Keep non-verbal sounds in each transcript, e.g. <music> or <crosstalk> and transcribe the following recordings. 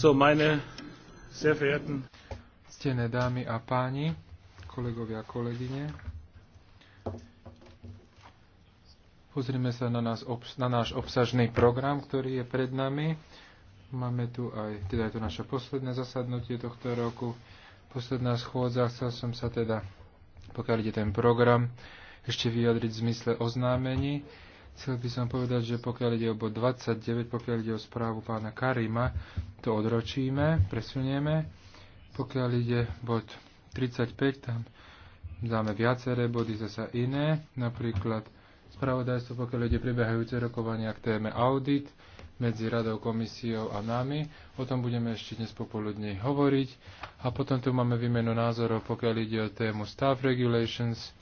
So, meine sehr verehrten... Stené dámy a páni, kolegovia a kolegyne, pozrime sa na, nás, na náš obsažný program, ktorý je pred nami. Máme tu aj, teda je to naše posledné zasadnutie tohto roku, posledná schôdza. Chcel som sa teda, pokiaľ ide ten program, ešte vyjadriť v zmysle oznámení. Chcel by som povedať, že pokiaľ ide o bod 29, pokiaľ ide o správu pána Karima, to odročíme, presunieme. Pokiaľ ide bod 35, tam dáme viaceré body, zasa iné, napríklad spravodajstvo, pokiaľ ide prebiehajúce rokovania k téme audit medzi radou, komisiou a nami. O tom budeme ešte dnes popoludne hovoriť. A potom tu máme výmenu názorov, pokiaľ ide o tému staff regulations,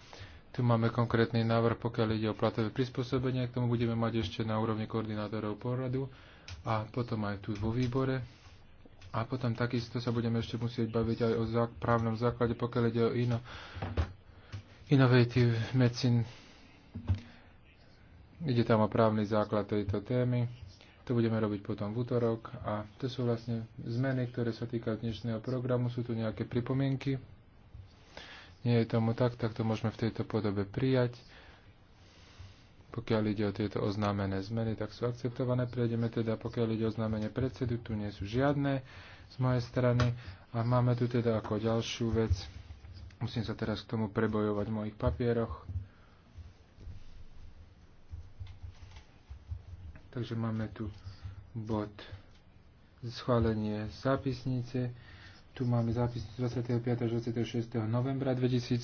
tu máme konkrétny návrh, pokiaľ ide o platové prispôsobenie. K tomu budeme mať ešte na úrovni koordinátorov poradu a potom aj tu vo výbore. A potom takisto sa budeme ešte musieť baviť aj o zák- právnom základe, pokiaľ ide o ino- innovative medicine. Ide tam o právny základ tejto témy. To budeme robiť potom v útorok. A to sú vlastne zmeny, ktoré sa týkajú dnešného programu. Sú tu nejaké pripomienky? nie je tomu tak, tak to môžeme v tejto podobe prijať. Pokiaľ ide o tieto oznámené zmeny, tak sú akceptované. Prejdeme teda, pokiaľ ide o oznámenie predsedu, tu nie sú žiadne z mojej strany. A máme tu teda ako ďalšiu vec. Musím sa teraz k tomu prebojovať v mojich papieroch. Takže máme tu bod schválenie zápisnice. Tu máme zápis 25. až 26. novembra 2013.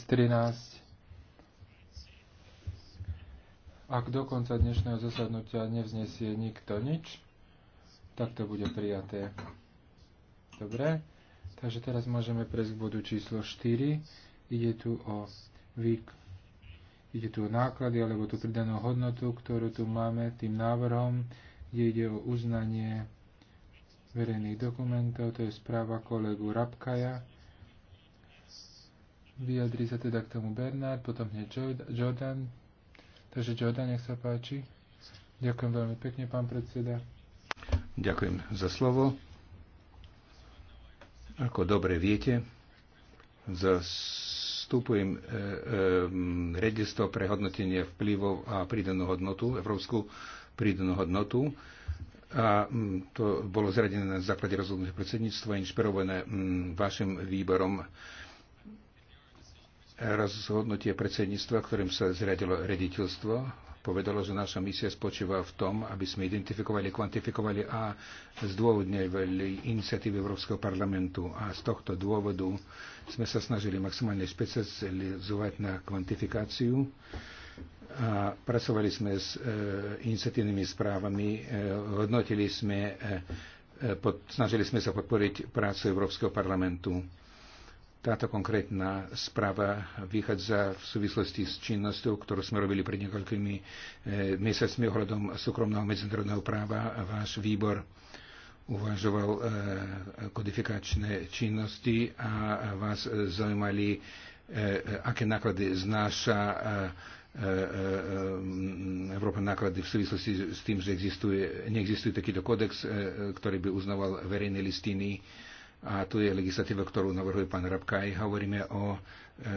Ak do konca dnešného zasadnutia nevznesie nikto nič, tak to bude prijaté. Dobre, takže teraz môžeme prejsť k bodu číslo 4. Ide tu o výk Ide tu o náklady alebo tú pridanú hodnotu, ktorú tu máme tým návrhom, kde ide o uznanie verejných dokumentov, to je správa kolegu Rabkaja. Vyjadri sa teda k tomu Bernard, potom hneď Jordan. Takže Jordan, nech sa páči. Ďakujem veľmi pekne, pán predseda. Ďakujem za slovo. Ako dobre viete, zastupujem e, e, registro pre hodnotenie vplyvov a pridanú hodnotu, európsku pridanú hodnotu. E, a mm, to bolo zradené na základe rozhodnutia predsedníctva, inšpirované mm, vašim výborom rozhodnutie predsedníctva, ktorým sa zriadilo rediteľstvo, povedalo, že naša misia spočíva v tom, aby sme identifikovali, kvantifikovali a zdôvodňovali iniciatívy Európskeho parlamentu. A z tohto dôvodu sme sa snažili maximálne špecializovať na kvantifikáciu a pracovali sme s e, iniciatívnymi správami, e, hodnotili sme, e, e, pod, snažili sme sa podporiť prácu Európskeho parlamentu. Táto konkrétna správa vychádza v súvislosti s činnosťou, ktorú sme robili pred niekoľkými e, mesiacmi ohľadom súkromného medzinárodného práva. A Váš výbor uvažoval e, kodifikačné činnosti a vás zaujímali, e, e aké náklady znáša e, E, e, e, Európa náklady v súvislosti s tým, že existuje, neexistuje takýto kódex, ktorý by uznával verejné listiny a tu je legislatíva, ktorú navrhuje pán Rabkaj. Hovoríme o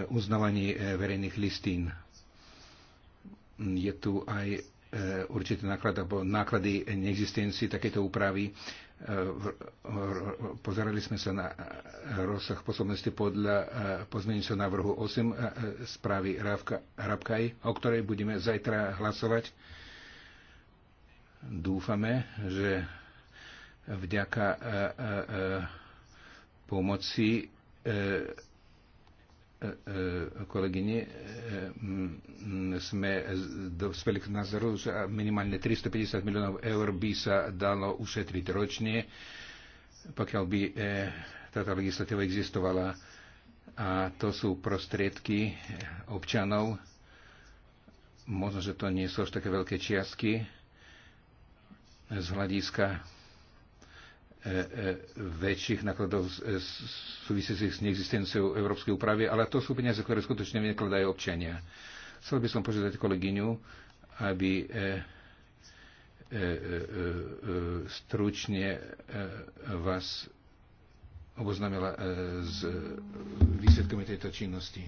uznávaní verejných listín. Je tu aj určité náklady, alebo náklady neexistencie takéto úpravy Pozerali sme sa na rozsah posobnosti podľa e, pozmeňujúceho návrhu 8 e, e, správy Rabkaj, o ktorej budeme zajtra hlasovať. Dúfame, že vďaka pomoci E, e, kolegyne, e, sme dospeli k názoru, že minimálne 350 miliónov eur by sa dalo ušetriť ročne, pokiaľ by táto legislatíva existovala. A to sú prostriedky občanov. Možno, že to nie sú až také veľké čiastky z hľadiska E, e, väčších nákladov e, súvisiacich s neexistenciou európskej úpravy, ale to sú peniaze, ktoré skutočne vynakladajú občania. Chcel by som požiadať kolegyňu, aby stručne vás oboznámila s výsledkami tejto činnosti.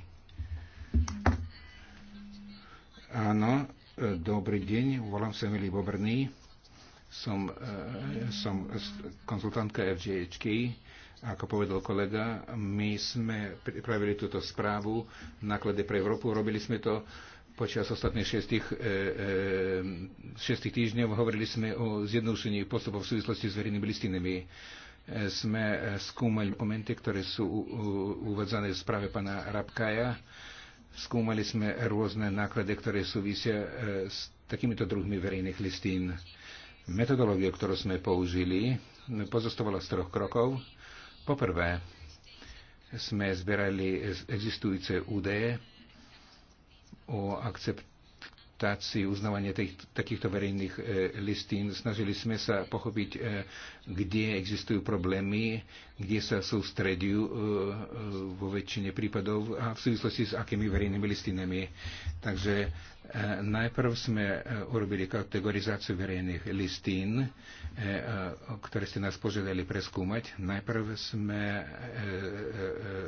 Áno, dobrý deň, volám sa Emily Bobrný som, e, som konzultantka FGHK, ako povedal kolega, my sme pripravili túto správu náklady pre Európu, robili sme to počas ostatných šestých, e, e, šestých týždňov, hovorili sme o zjednodušení postupov v súvislosti s verejnými listinami. Sme skúmali dokumenty, ktoré sú uvedzané v správe pana Rabkaja. Skúmali sme rôzne náklady, ktoré súvisia s takýmito druhmi verejných listín Metodológia, ktorú sme použili, pozostovala z troch krokov. Poprvé, sme zbierali existujúce údaje o akceptácii uznávania tých, takýchto verejných e, listín. Snažili sme sa pochopiť, e, kde existujú problémy, kde sa sústredujú e, e, vo väčšine prípadov a v súvislosti s akými verejnými listinami. Takže Najprv sme e, urobili kategorizáciu verejných listín, e, e, ktoré ste nás požiadali preskúmať. Najprv sme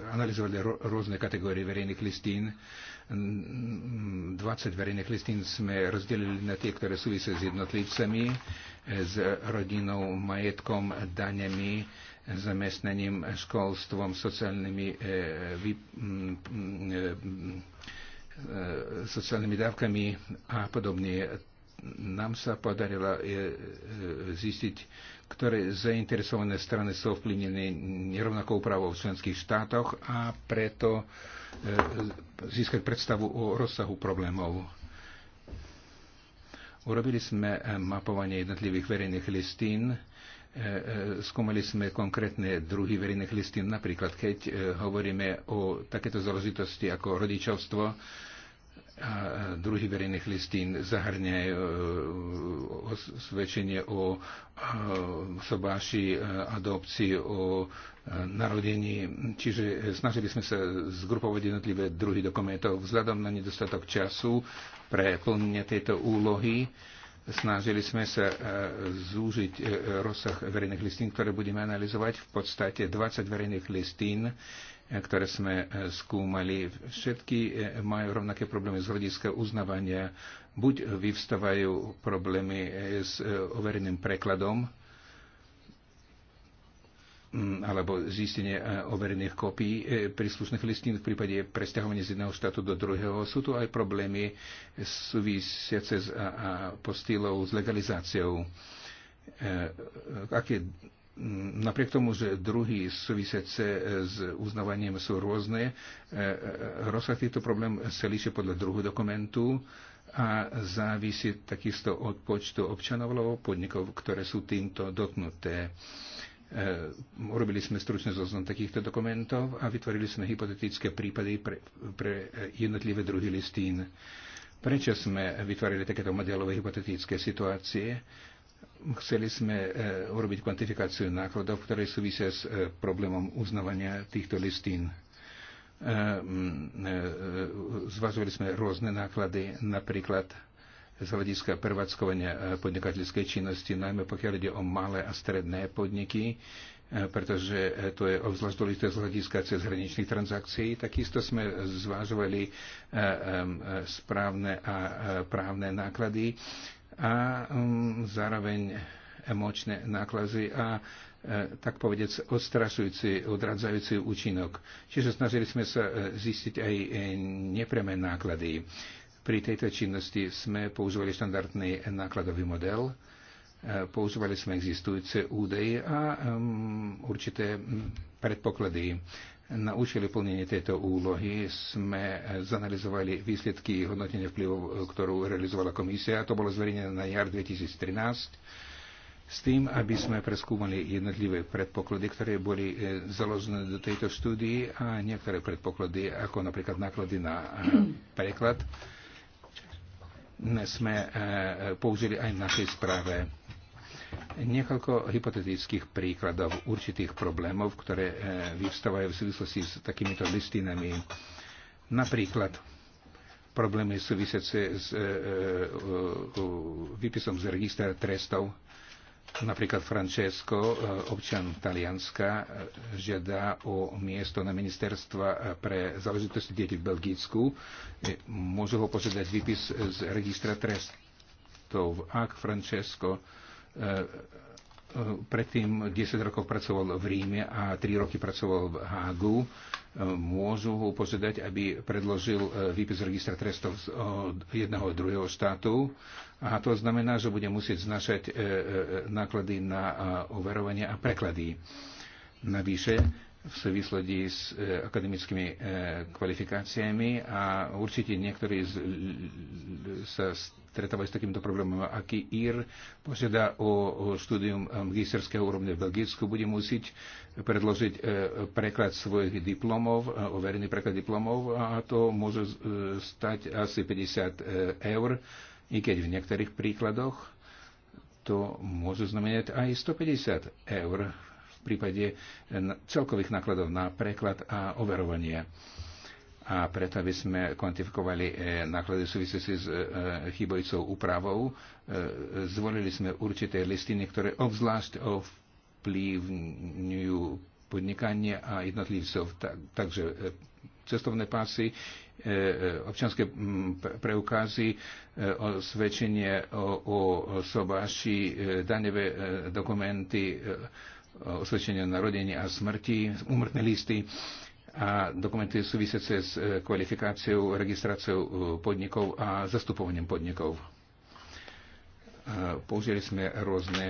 analyzovali rôzne kategórie verejných listín. 20 mm, verejných listín sme rozdelili na tie, ktoré súvisia s jednotlivcami, s rodinou, majetkom, danemi, zamestnaním, školstvom, sociálnymi mm, mm, E, sociálnymi dávkami a podobne. Nám sa podarilo e, e, zistiť, ktoré zainteresované strany sú ovplyvnené nerovnakou právou v členských štátoch a preto získať predstavu o rozsahu problémov. Urobili sme mapovanie jednotlivých verejných listín, skúmali sme konkrétne druhy verejných listín, napríklad keď hovoríme o takéto záležitosti ako rodičovstvo, a druhý verejných listín zahrňa e, svedčenie o sobáši, e, adopcii, o e, narodení. Čiže snažili sme sa zgrupovať jednotlivé druhy dokumentov. Vzhľadom na nedostatok času pre plnenie tejto úlohy snažili sme sa zúžiť rozsah verejných listín, ktoré budeme analyzovať. V podstate 20 verejných listín ktoré sme e, skúmali, všetky e, majú rovnaké problémy z hľadiska uznávania. Buď vyvstávajú problémy e, s overeným prekladom, mm, alebo zistenie overených kopí príslušných listín v prípade presťahovania z jedného štátu do druhého. Sú tu aj problémy súvisiace s postýlou, s legalizáciou. Aké napriek tomu, že druhy súvisiace s uznávaním sú rôzne, e, e, rozsah týchto problém sa líši podľa druhu dokumentu a závisí takisto od počtu občanov alebo podnikov, ktoré sú týmto dotknuté. E, urobili sme stručný zoznam takýchto dokumentov a vytvorili sme hypotetické prípady pre, pre jednotlivé druhy listín. Prečo sme vytvorili takéto modelové hypotetické situácie? Chceli sme e, urobiť kvantifikáciu nákladov, ktoré súvisia s e, problémom uznávania týchto listín. E, zvažovali sme rôzne náklady, napríklad z hľadiska prevádzkovania podnikateľskej činnosti, najmä pokiaľ ide o malé a stredné podniky, pretože to je obzvlášť dôležité z hľadiska cezhraničných transakcií. Takisto sme zvážovali správne a právne náklady a um, zároveň emočné náklazy a e, tak povedec odstrasujúci, odradzajúci účinok. Čiže snažili sme sa e, zistiť aj e, nepremé náklady. Pri tejto činnosti sme používali štandardný nákladový model, používali sme existujúce údaje a um, určité predpoklady. Na účely plnenia tejto úlohy sme zanalizovali výsledky hodnotenia vplyvov, ktorú realizovala komisia. To bolo zverejnené na jar 2013 s tým, aby sme preskúmali jednotlivé predpoklady, ktoré boli e, založené do tejto štúdii a niektoré predpoklady, ako napríklad náklady na e, preklad, sme e, použili aj v našej správe niekoľko hypotetických príkladov určitých problémov, ktoré e, vyvstávajú v súvislosti s takýmito listinami. Napríklad problémy súvisiace s e, e, výpisom z registra trestov. Napríklad Francesco, občan Talianska, žiada o miesto na ministerstva pre záležitosti detí v Belgicku. Môže ho požiadať výpis z registra trestov. Ak Francesco E, predtým 10 rokov pracoval v Ríme a 3 roky pracoval v Hágu, e, môžu ho upozadať, aby predložil e, výpis registra trestov z jedného a druhého štátu. A to znamená, že bude musieť znašať náklady na overovanie a preklady. Navyše, v súvislosti s e, akademickými e, kvalifikáciami a určite niektorí z, l, l, sa stretávajú s takýmto problémom, aký IR požiada o, o štúdium magisterského úrovne v Belgicku, bude musieť predložiť e, preklad svojich diplomov, e, overený preklad diplomov a to môže e, stať asi 50 e, eur, i keď v niektorých príkladoch to môže znamenať aj 150 eur v prípade eh, celkových nákladov na preklad a overovanie. A preto, by sme kvantifikovali eh, náklady súvisiaci s eh, chybojcou úpravou, zvolili sme určité listiny, ktoré obzvlášť ovplyvňujú podnikanie a jednotlivcov. takže cestovné pasy, občanské mm, preukazy, osvedčenie o, o sobáši, daňové dokumenty, osvedčenia o narodení a smrti, umrtné listy a dokumenty súvisiace s e, kvalifikáciou, registráciou e, podnikov a zastupovaním podnikov. E, použili sme rôzne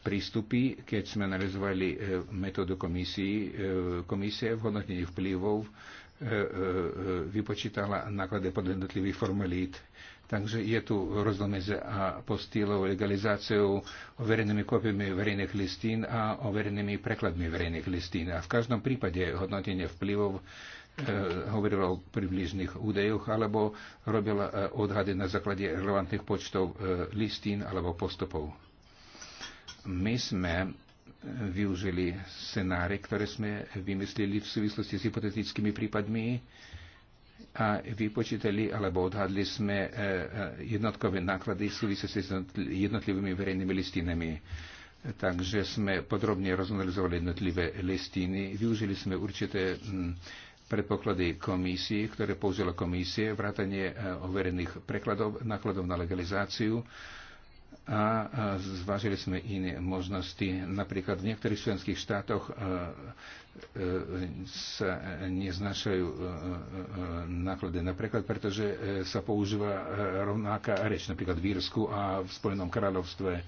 prístupy, keď sme analyzovali metódu komisii. komisie v hodnotení vplyvov vypočítala náklady pod jednotlivých formalít Takže je tu rozdiel medzi apostílou, legalizáciou, overenými kopiami verejných listín a overenými prekladmi verejných listín. A v každom prípade hodnotenie vplyvov e, hovorilo o približných údajoch alebo robila e, odhady na základe relevantných počtov e, listín alebo postupov. My sme využili scenáre, ktoré sme vymyslili v súvislosti s hypotetickými prípadmi, e, a vypočítali alebo odhadli sme e, e, jednotkové náklady súvisiace s jednotlivými verejnými listinami. Takže sme podrobne rozanalizovali jednotlivé listiny, využili sme určité predpoklady komisie, ktoré použila komisie, vrátanie e, overených prekladov, nákladov na legalizáciu, a zvážili sme iné možnosti. Napríklad v niektorých členských štátoch e, e, e, sa neznašajú náklady. Napríklad, pretože sa používa rovnaká reč, napríklad v Írsku a v Spojenom kráľovstve.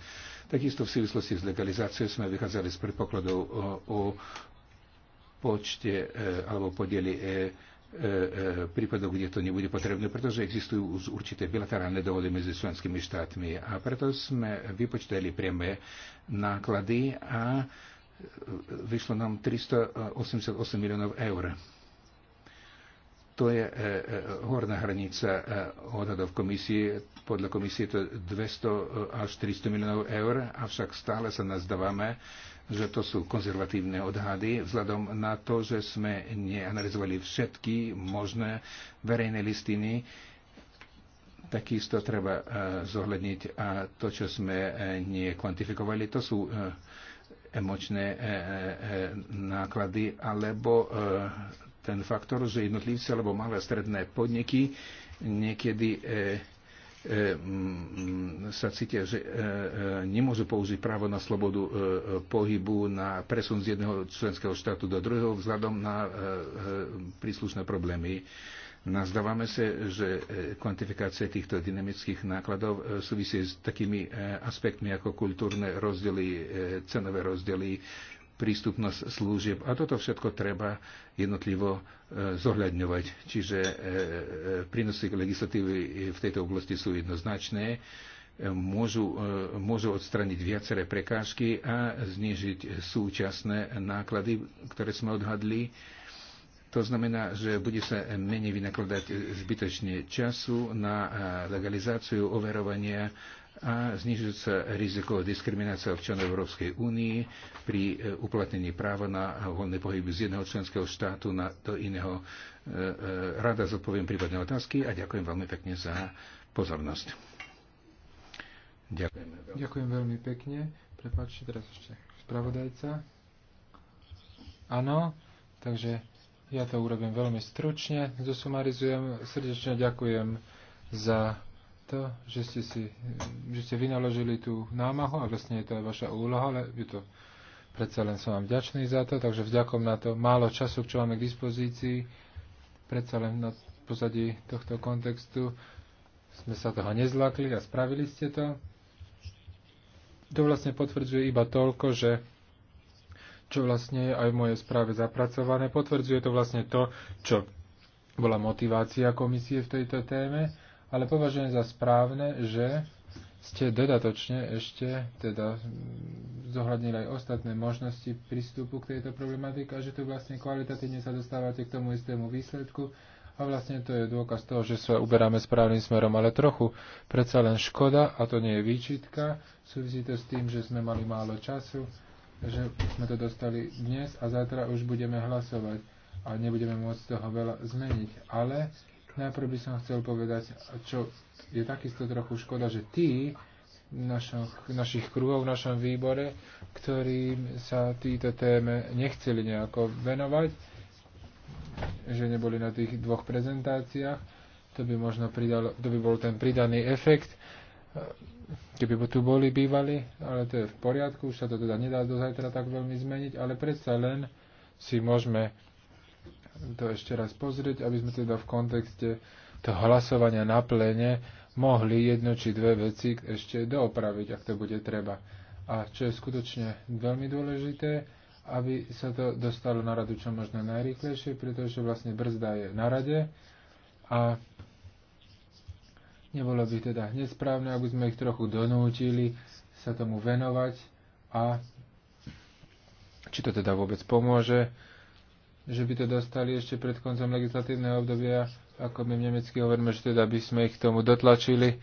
Takisto v súvislosti s legalizáciou sme vychádzali z predpokladov o, o počte alebo podeli E, e, prípadov, kde to nebude potrebné, pretože existujú už určité bilaterálne dohody medzi členskými štátmi. A preto sme vypočítali priame náklady a vyšlo nám 388 miliónov eur. To je e, horná hranica odhadov komisie. Podľa komisie to 200 až 300 miliónov eur, avšak stále sa nazdávame, že to sú konzervatívne odhady, vzhľadom na to, že sme neanalizovali všetky možné verejné listiny. Takisto treba e, zohľadniť a to, čo sme e, nekvantifikovali, to sú e, emočné náklady alebo ten faktor, že jednotlivci alebo malé stredné podniky niekedy E, mm, sa cítia, že e, e, nemôžu použiť právo na slobodu pohybu, na presun z jedného členského štátu do druhého vzhľadom na príslušné problémy. Nazdávame sa, že kvantifikácia týchto dynamických nákladov súvisí s takými aspektmi ako kultúrne rozdiely, cenové rozdiely, prístupnosť služieb. A toto všetko treba jednotlivo e, zohľadňovať. Čiže e, e, prínosy legislatívy v tejto oblasti sú jednoznačné môžu, môžu odstraniť viaceré prekážky a znižiť súčasné náklady, ktoré sme odhadli. To znamená, že bude sa menej vynakladať zbytočne času na legalizáciu overovania a znižuje sa riziko diskriminácie občanov Európskej únie pri e, uplatnení práva na voľný pohyb z jedného členského štátu na, do iného. E, e, rada zodpoviem prípadné otázky a ďakujem veľmi pekne za pozornosť. Ďakujem. Ďakujem veľmi pekne. Prepačte, teraz ešte spravodajca. Áno, takže ja to urobím veľmi stručne. Zosumarizujem. Srdečne ďakujem za to, že ste, si, že ste vynaložili tú námahu a vlastne je to aj vaša úloha, ale je to predsa len som vám vďačný za to, takže vďakom na to málo času, čo máme k dispozícii, predsa len na pozadí tohto kontextu sme sa toho nezlakli a spravili ste to. To vlastne potvrdzuje iba toľko, že čo vlastne je aj v mojej správe zapracované. Potvrdzuje to vlastne to, čo bola motivácia komisie v tejto téme ale považujem za správne, že ste dodatočne ešte teda zohľadnili aj ostatné možnosti prístupu k tejto problematike a že tu vlastne kvalitatívne sa dostávate k tomu istému výsledku a vlastne to je dôkaz toho, že sa uberáme správnym smerom, ale trochu predsa len škoda a to nie je výčitka, súvisí to s tým, že sme mali málo času, že sme to dostali dnes a zajtra už budeme hlasovať a nebudeme môcť toho veľa zmeniť, ale Najprv by som chcel povedať, čo je takisto trochu škoda, že tí, našoch, našich kruhov v našom výbore, ktorým sa týto téme nechceli nejako venovať, že neboli na tých dvoch prezentáciách. To by možno pridalo, to by bol ten pridaný efekt, keby tu boli bývali, ale to je v poriadku, už sa to teda nedá do zajtra tak veľmi zmeniť, ale predsa len si môžeme to ešte raz pozrieť, aby sme teda v kontexte toho hlasovania na plene mohli jedno či dve veci ešte doopraviť, ak to bude treba. A čo je skutočne veľmi dôležité, aby sa to dostalo na radu čo možno najrýchlejšie, pretože vlastne brzda je na rade a nebolo by teda nesprávne, aby sme ich trochu donútili sa tomu venovať a či to teda vôbec pomôže, že by to dostali ešte pred koncom legislatívneho obdobia, ako my v nemecky hovoríme, že teda by sme ich k tomu dotlačili.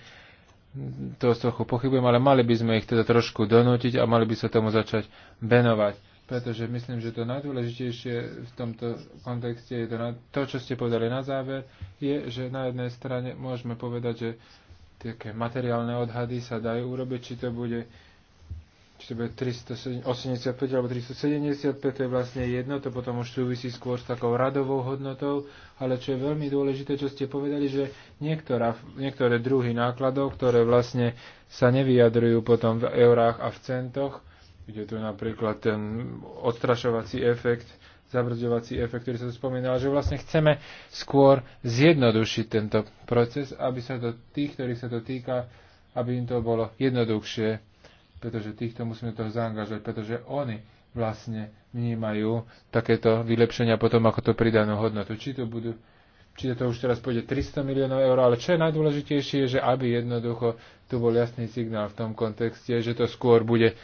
To trochu pochybujem, ale mali by sme ich teda trošku donútiť a mali by sa tomu začať venovať. Pretože myslím, že to najdôležitejšie v tomto kontexte je to, na, to, čo ste povedali na záver, je, že na jednej strane môžeme povedať, že také materiálne odhady sa dajú urobiť, či to bude či to bude 385 alebo 375, to je vlastne jedno, to potom už súvisí skôr s takou radovou hodnotou, ale čo je veľmi dôležité, čo ste povedali, že niektorá, niektoré druhy nákladov, ktoré vlastne sa nevyjadrujú potom v eurách a v centoch, kde tu napríklad ten odstrašovací efekt, zabrzďovací efekt, ktorý sa tu spomínal, že vlastne chceme skôr zjednodušiť tento proces, aby sa to tých, ktorých sa to týka, aby im to bolo jednoduchšie pretože týchto musíme toho zaangažovať, pretože oni vlastne vnímajú takéto vylepšenia potom ako to pridanú hodnotu. Či to budú či to už teraz pôjde 300 miliónov eur, ale čo je najdôležitejšie, že aby jednoducho tu bol jasný signál v tom kontexte, že to skôr bude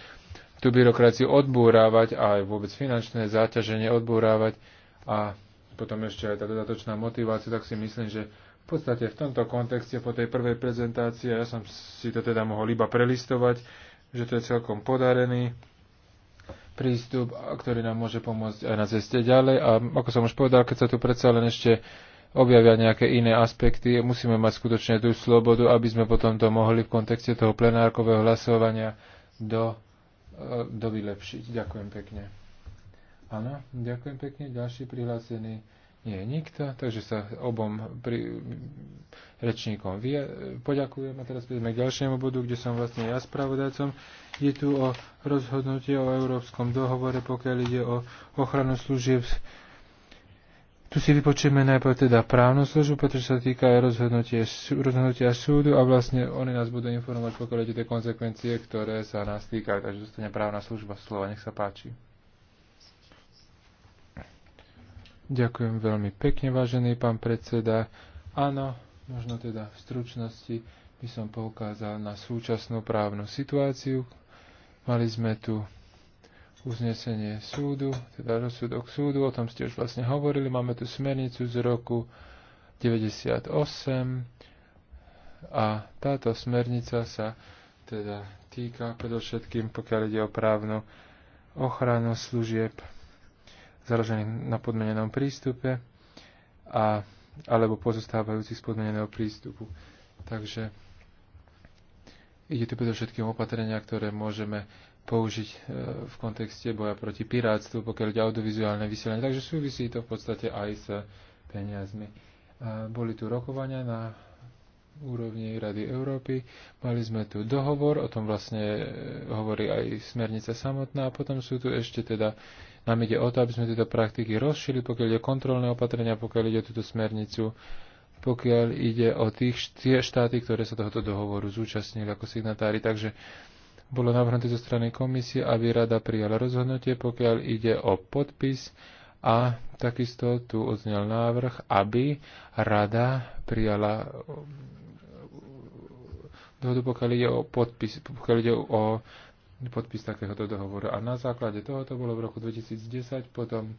tú byrokraciu odbúrávať a aj vôbec finančné záťaženie odbúrávať a potom ešte aj tá dodatočná motivácia, tak si myslím, že v podstate v tomto kontexte po tej prvej prezentácii, ja som si to teda mohol iba prelistovať, že to je celkom podarený prístup, ktorý nám môže pomôcť aj na ceste ďalej. A ako som už povedal, keď sa tu predsa len ešte objavia nejaké iné aspekty, musíme mať skutočne tú slobodu, aby sme potom to mohli v kontexte toho plenárkového hlasovania do, e, do vylepšiť. Ďakujem pekne. Áno, ďakujem pekne. Ďalší prihlásený nie je nikto, takže sa obom pri, rečníkom vie, poďakujem a teraz prídeme k ďalšiemu bodu, kde som vlastne ja spravodajcom. Je tu o rozhodnutie o Európskom dohovore, pokiaľ ide o ochranu služieb. Tu si vypočujeme najprv teda právnu službu, pretože sa týka aj rozhodnutia, rozhodnutia súdu a vlastne oni nás budú informovať, pokiaľ ide tie konsekvencie, ktoré sa nás týkajú. Takže zostane právna služba slova. Nech sa páči. Ďakujem veľmi pekne, vážený pán predseda. Áno, možno teda v stručnosti by som poukázal na súčasnú právnu situáciu. Mali sme tu uznesenie súdu, teda rozsudok súdu, o tom ste už vlastne hovorili. Máme tu smernicu z roku 98 a táto smernica sa teda týka predovšetkým, pokiaľ ide o právnu ochranu služieb založených na podmenenom prístupe a, alebo pozostávajúcich z podmeneného prístupu. Takže ide tu predovšetkým opatrenia, ktoré môžeme použiť e, v kontexte boja proti pirátstvu, pokiaľ ide audiovizuálne vysielanie. Takže súvisí to v podstate aj s peniazmi. Boli tu rokovania na úrovni Rady Európy. Mali sme tu dohovor, o tom vlastne e, hovorí aj smernica samotná a potom sú tu ešte teda nám ide o to, aby sme tieto praktiky rozšili, pokiaľ ide kontrolné opatrenia, pokiaľ ide o túto smernicu, pokiaľ ide o tých, tie štáty, ktoré sa tohoto dohovoru zúčastnili ako signatári. Takže bolo navrhnuté zo strany komisie, aby rada prijala rozhodnutie, pokiaľ ide o podpis a takisto tu odznel návrh, aby rada prijala um, dohodu, pokiaľ ide o podpis, pokiaľ ide o podpis takéhoto dohovoru. A na základe tohoto bolo v roku 2010 potom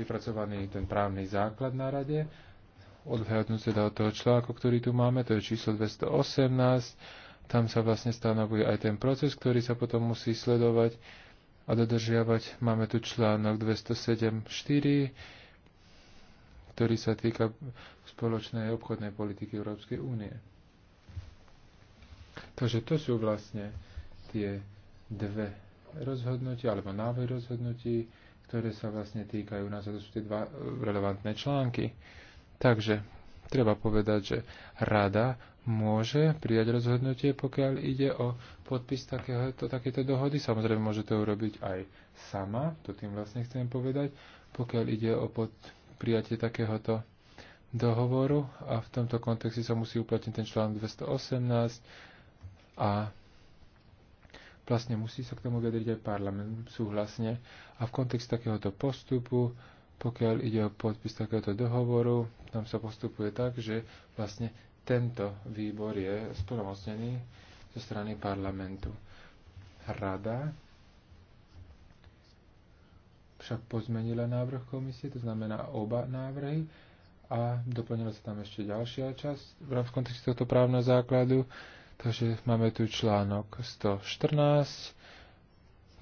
vypracovaný ten právny základ na rade, sa teda od toho článku, ktorý tu máme, to je číslo 218, tam sa vlastne stanovuje aj ten proces, ktorý sa potom musí sledovať a dodržiavať. Máme tu článok 207.4, ktorý sa týka spoločnej obchodnej politiky Európskej únie. Takže to sú vlastne tie dve rozhodnutia alebo návrh rozhodnutí, ktoré sa vlastne týkajú nás. A to sú tie dva relevantné články. Takže treba povedať, že rada môže prijať rozhodnutie, pokiaľ ide o podpis takéto, takéto dohody. Samozrejme, môže to urobiť aj sama, to tým vlastne chcem povedať, pokiaľ ide o pod, prijatie takéhoto dohovoru a v tomto kontexte sa musí uplatniť ten článok 218 a vlastne musí sa k tomu vyjadriť aj parlament súhlasne. A v kontexte takéhoto postupu, pokiaľ ide o podpis takéhoto dohovoru, tam sa postupuje tak, že vlastne tento výbor je splnomocnený zo strany parlamentu. Rada však pozmenila návrh komisie, to znamená oba návrhy a doplnila sa tam ešte ďalšia časť v kontexte tohto právneho základu Takže máme tu článok 114.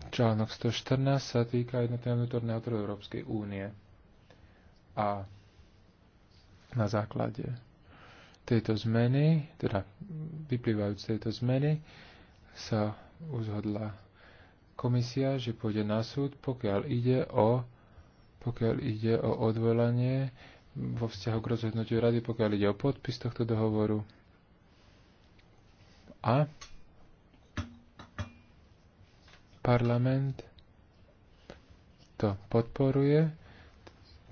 Článok 114 sa týka jednotného vnútorného trhu Európskej únie. A na základe tejto zmeny, teda vyplývajúc tejto zmeny, sa uzhodla komisia, že pôjde na súd, pokiaľ ide o, pokiaľ ide o odvolanie vo vzťahu k rozhodnutiu rady, pokiaľ ide o podpis tohto dohovoru a parlament to podporuje,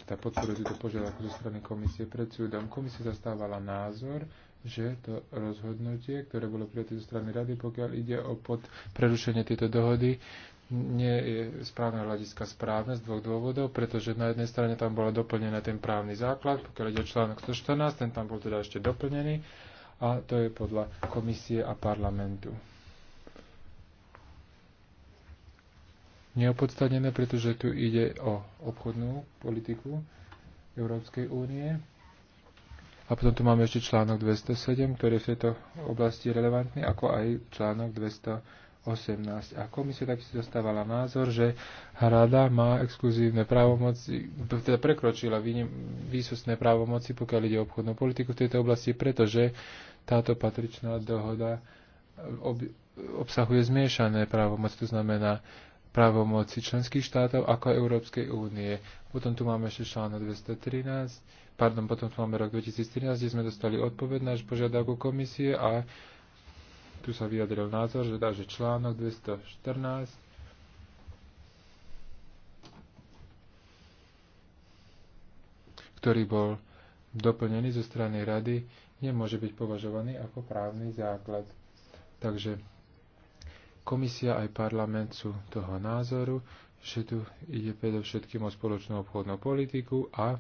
tá teda podporuje túto požiadavku zo strany komisie pred súdom. Komisia zastávala názor, že to rozhodnutie, ktoré bolo prijaté zo strany rady, pokiaľ ide o pod prerušenie tejto dohody, nie je správne hľadiska správne z dvoch dôvodov, pretože na jednej strane tam bola doplnená ten právny základ, pokiaľ ide o článok 114, ten tam bol teda ešte doplnený a to je podľa komisie a parlamentu. Neopodstatnené, pretože tu ide o obchodnú politiku Európskej únie. A potom tu máme ešte článok 207, ktorý je v tejto oblasti relevantný, ako aj článok 218. A komisia takisto dostávala názor, že rada má exkluzívne právomoci, teda prekročila výsostné právomoci, pokiaľ ide o obchodnú politiku v tejto oblasti, pretože táto patričná dohoda ob, obsahuje zmiešané právomoci, to znamená právomoci členských štátov ako Európskej únie. Potom tu máme ešte článok 213, pardon, potom tu máme rok 2013, kde sme dostali odpoveď na požiadavku komisie a tu sa vyjadril názor, že dáže článok 214 ktorý bol doplnený zo strany rady, nemôže byť považovaný ako právny základ. Takže komisia aj parlament sú toho názoru, že tu ide predovšetkým o spoločnú obchodnú politiku a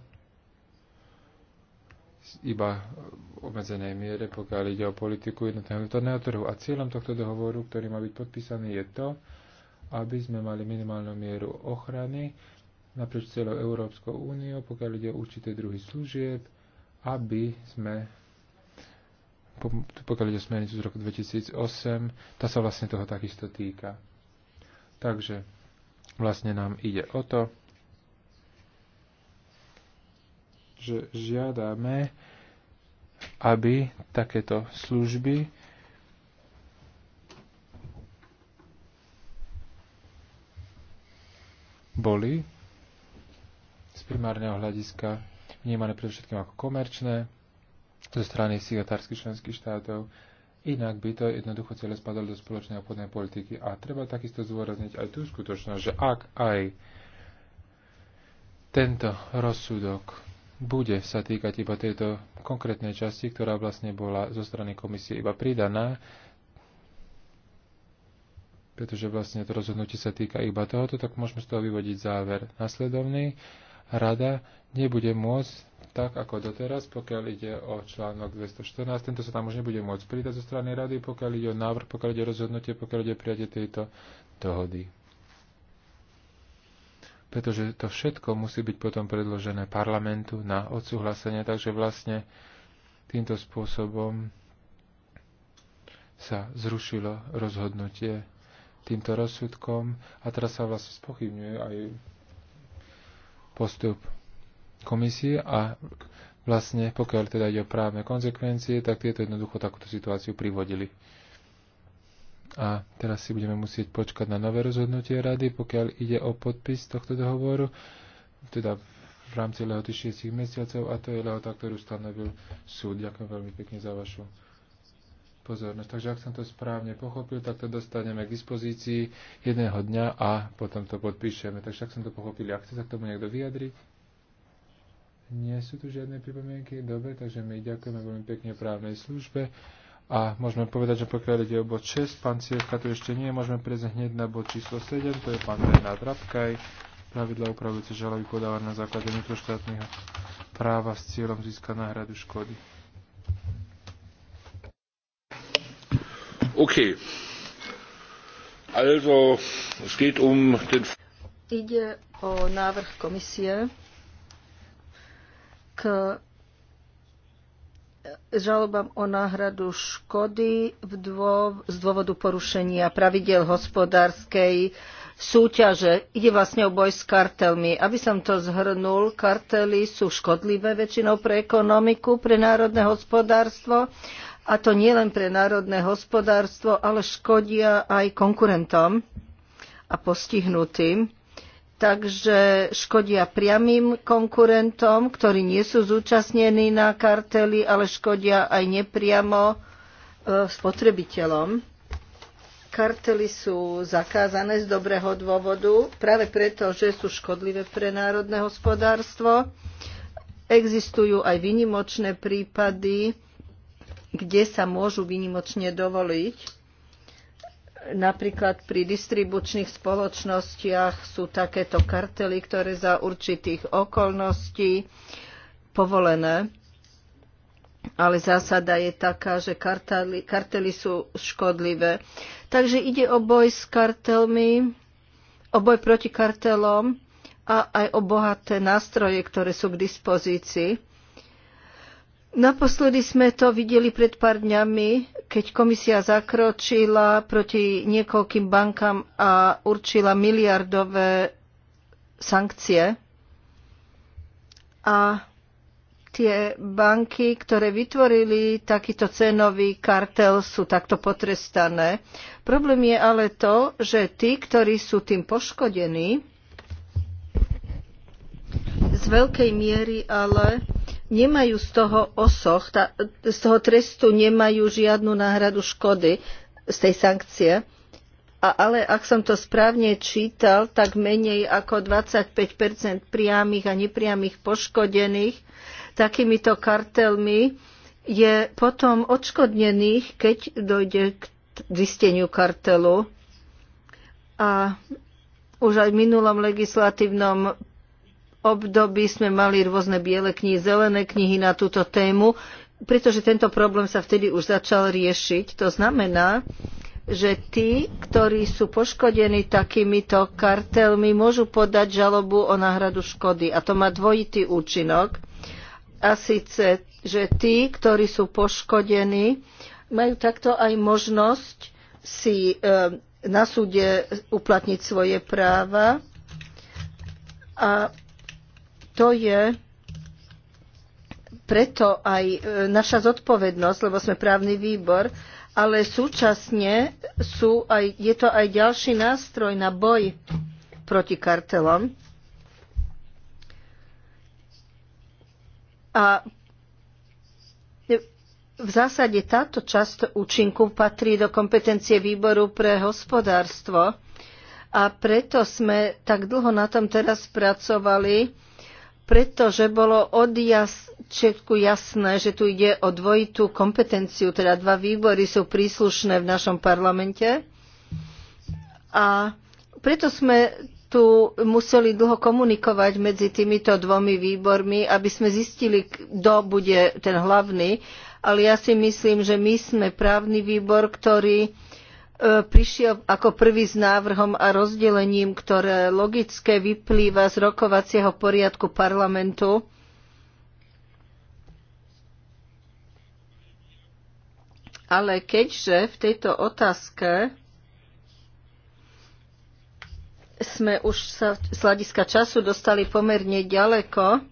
iba v obmedzenej miere, pokiaľ ide o politiku jednotného vnútorného trhu. A cieľom tohto dohovoru, ktorý má byť podpísaný, je to, aby sme mali minimálnu mieru ochrany naprieč celou Európskou úniou, pokiaľ ide o určité druhy služieb, aby sme pokiaľ ide o smernicu z roku 2008, tá sa vlastne toho takisto týka. Takže vlastne nám ide o to, že žiadame, aby takéto služby boli z primárneho hľadiska vnímané predovšetkým ako komerčné, zo strany signatárskych členských štátov. Inak by to jednoducho celé spadalo do spoločnej obchodnej politiky. A treba takisto zdôrazniť aj tú skutočnosť, že ak aj tento rozsudok bude sa týkať iba tejto konkrétnej časti, ktorá vlastne bola zo strany komisie iba pridaná, pretože vlastne to rozhodnutie sa týka iba tohoto, tak môžeme z toho vyvodiť záver nasledovný rada nebude môcť tak ako doteraz, pokiaľ ide o článok 214, tento sa tam už nebude môcť pridať zo strany rady, pokiaľ ide o návrh, pokiaľ ide o rozhodnutie, pokiaľ ide o prijatie tejto dohody. Pretože to všetko musí byť potom predložené parlamentu na odsúhlasenie, takže vlastne týmto spôsobom sa zrušilo rozhodnutie týmto rozsudkom a teraz sa vlastne spochybňuje aj postup komisie a vlastne, pokiaľ teda ide o právne konsekvencie, tak tieto jednoducho takúto situáciu privodili. A teraz si budeme musieť počkať na nové rozhodnutie rady, pokiaľ ide o podpis tohto dohovoru, teda v rámci lehoty 6 mesiacov a to je lehota, ktorú stanovil súd. Ďakujem veľmi pekne za vašu pozornosť. Takže ak som to správne pochopil, tak to dostaneme k dispozícii jedného dňa a potom to podpíšeme. Takže ak som to pochopil, ak chce sa k tomu niekto vyjadriť, nie sú tu žiadne pripomienky. Dobre, takže my ďakujeme veľmi pekne právnej službe. A môžeme povedať, že pokiaľ ide o bod 6, pán Cievka tu ešte nie, môžeme prejsť hneď na bod číslo 7, to je pán Renát Rabkaj, pravidla upravujúce žalovy podávané na základe vnútroštátneho práva s cieľom získať náhradu škody. Um Ide o návrh komisie k žalobám o náhradu škody v dô, z dôvodu porušenia pravidel hospodárskej súťaže. Ide vlastne o boj s kartelmi. Aby som to zhrnul, kartely sú škodlivé väčšinou pre ekonomiku, pre národné hospodárstvo a to nielen pre národné hospodárstvo, ale škodia aj konkurentom a postihnutým. Takže škodia priamým konkurentom, ktorí nie sú zúčastnení na kartely, ale škodia aj nepriamo e, spotrebiteľom. Kartely sú zakázané z dobrého dôvodu, práve preto, že sú škodlivé pre národné hospodárstvo. Existujú aj vynimočné prípady, kde sa môžu výnimočne dovoliť. Napríklad pri distribučných spoločnostiach sú takéto kartely, ktoré za určitých okolností povolené. Ale zásada je taká, že kartely, kartely sú škodlivé. Takže ide o boj s kartelmi, o boj proti kartelom a aj o bohaté nástroje, ktoré sú k dispozícii. Naposledy sme to videli pred pár dňami, keď komisia zakročila proti niekoľkým bankám a určila miliardové sankcie. A tie banky, ktoré vytvorili takýto cenový kartel, sú takto potrestané. Problém je ale to, že tí, ktorí sú tým poškodení, z veľkej miery ale nemajú z toho osoch, tá, z toho trestu nemajú žiadnu náhradu škody z tej sankcie. A, ale ak som to správne čítal, tak menej ako 25 priamých a nepriamých poškodených takýmito kartelmi je potom odškodnených, keď dojde k zisteniu kartelu. A už aj v minulom legislatívnom období sme mali rôzne biele knihy, zelené knihy na túto tému, pretože tento problém sa vtedy už začal riešiť. To znamená, že tí, ktorí sú poškodení takýmito kartelmi, môžu podať žalobu o náhradu škody. A to má dvojitý účinok. A síce, že tí, ktorí sú poškodení, majú takto aj možnosť si e, na súde uplatniť svoje práva a to je preto aj e, naša zodpovednosť, lebo sme právny výbor, ale súčasne sú aj, je to aj ďalší nástroj na boj proti kartelom. A v zásade táto časť účinku patrí do kompetencie výboru pre hospodárstvo a preto sme tak dlho na tom teraz pracovali, pretože bolo od všetku jasné, že tu ide o dvojitú kompetenciu, teda dva výbory sú príslušné v našom parlamente. A preto sme tu museli dlho komunikovať medzi týmito dvomi výbormi, aby sme zistili, kto bude ten hlavný. Ale ja si myslím, že my sme právny výbor, ktorý E, prišiel ako prvý s návrhom a rozdelením, ktoré logické vyplýva z rokovacieho poriadku parlamentu. Ale keďže v tejto otázke sme už sa z hľadiska času dostali pomerne ďaleko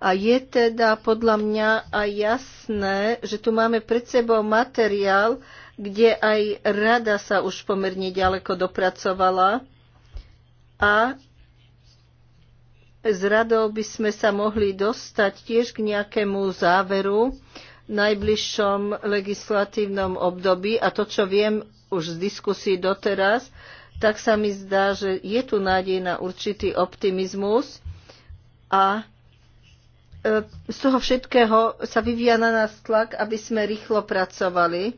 a je teda podľa mňa aj jasné, že tu máme pred sebou materiál, kde aj rada sa už pomerne ďaleko dopracovala a s radou by sme sa mohli dostať tiež k nejakému záveru v najbližšom legislatívnom období a to, čo viem už z diskusí doteraz, tak sa mi zdá, že je tu nádej na určitý optimizmus a e, z toho všetkého sa vyvíja na nás tlak, aby sme rýchlo pracovali.